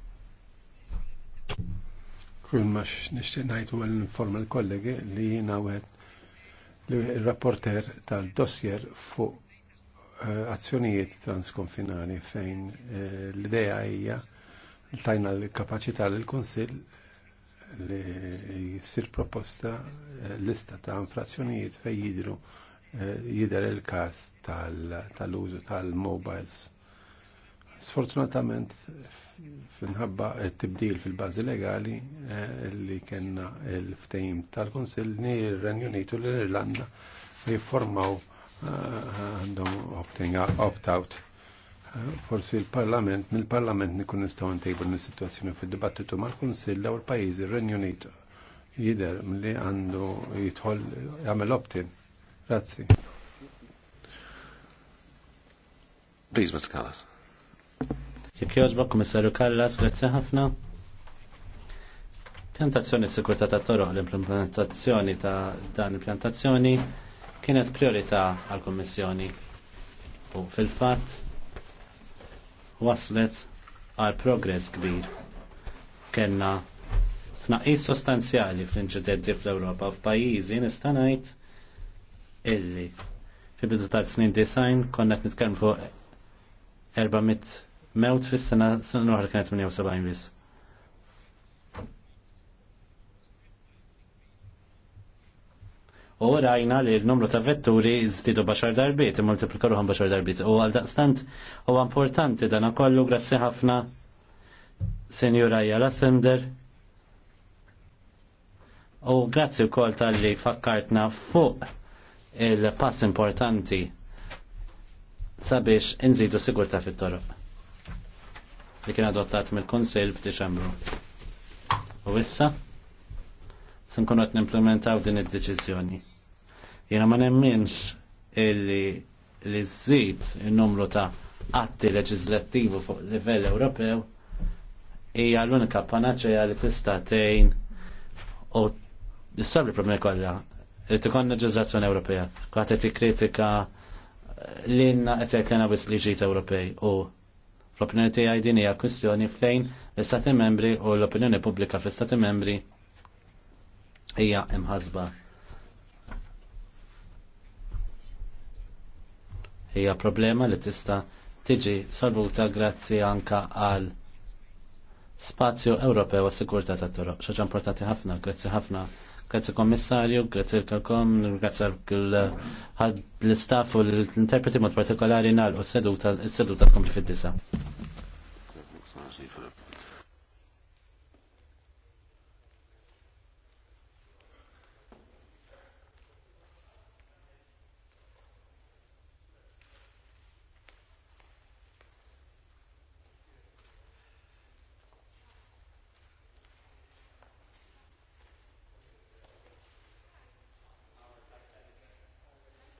Kull ma nishtiq najtu l-informa l-kollegi li jina għed li rapporter tal-dossier fuq eh, azzjonijiet transkonfinali fejn eh, l-idea hija tajna l-kapacità l-Konsil li jisir proposta eh, lista ta' infrazzjonijiet fej jidru jider il-kas tal-użu tal-mobiles. Sfortunatament, finħabba tibdil fil-bazi legali eh, li kena il-ftejim tal-Konsil ni l-Renju renjunitu l-Irlanda li formaw eh, għandhom opt-out. Eh, forsi il-Parlament, mill-Parlament nikun nistaw ntejbu n-situazzjoni fil-dibattitu mal-Konsil daw il-pajizi, Renju renjunitu jider li għandu jitħol jgħamil opt-in Grazzi. Please, Mr. Kallas. Jek joġba, komissarju Kallas, grazzi ħafna. Pjantazzjoni sikurta ta' toroħ l-implementazzjoni ta' dan il-pjantazzjoni kienet priorità għal-Kommissjoni u fil-fat waslet għal progress kbir. Kenna tnaqis sostanzjali fl-inċidenti fl-Europa f'pajjiżi nista' ngħid illi fi bidu ta' snin design konna nitkellmu fuq 400 mewt fis-sena sena oħra kienet 78 biss. U rajna li l-numru ta' vetturi żdiedu baxar darbiet, immultiplikaruhom baxar darbit. U għaldaqstant huwa importanti dan kollu grazzi ħafna Senjura Jala Sender. U grazzi wkoll tal-li fakkartna fuq il-pass importanti sabiex inżidu sigurta fit-toroq li kien adottat mill-Konsil f'Diċembru. U issa se nkunu qed nimplementaw din id-deċiżjoni. Jiena ma nemminx illi li żżid in-numru ta' atti leġislattivi fuq livell Ewropew hija l-unika panaċea li tista' tgħin u s-sabri problemi kollha konna leġizzazzjoni Ewropea. Kwaħt qed kritika eh, li għedna qed bis li ġit Ewropej u l opinjoni tiegħi din hija kwistjoni fejn l-Istati Membri u l-opinjoni pubblika fl-Istati Membri hija imħazba. Hija problema li tista' tiġi solvuta grazzi anka għal spazju Ewropew u sigurta tat-toroq. Xaġa importanti ħafna, grazzi ħafna Grazie kommissarju, grazie kalkom, grazie l-istaff u l-interpreti mod partikolari nal u s-seduta tkompli fid-disa.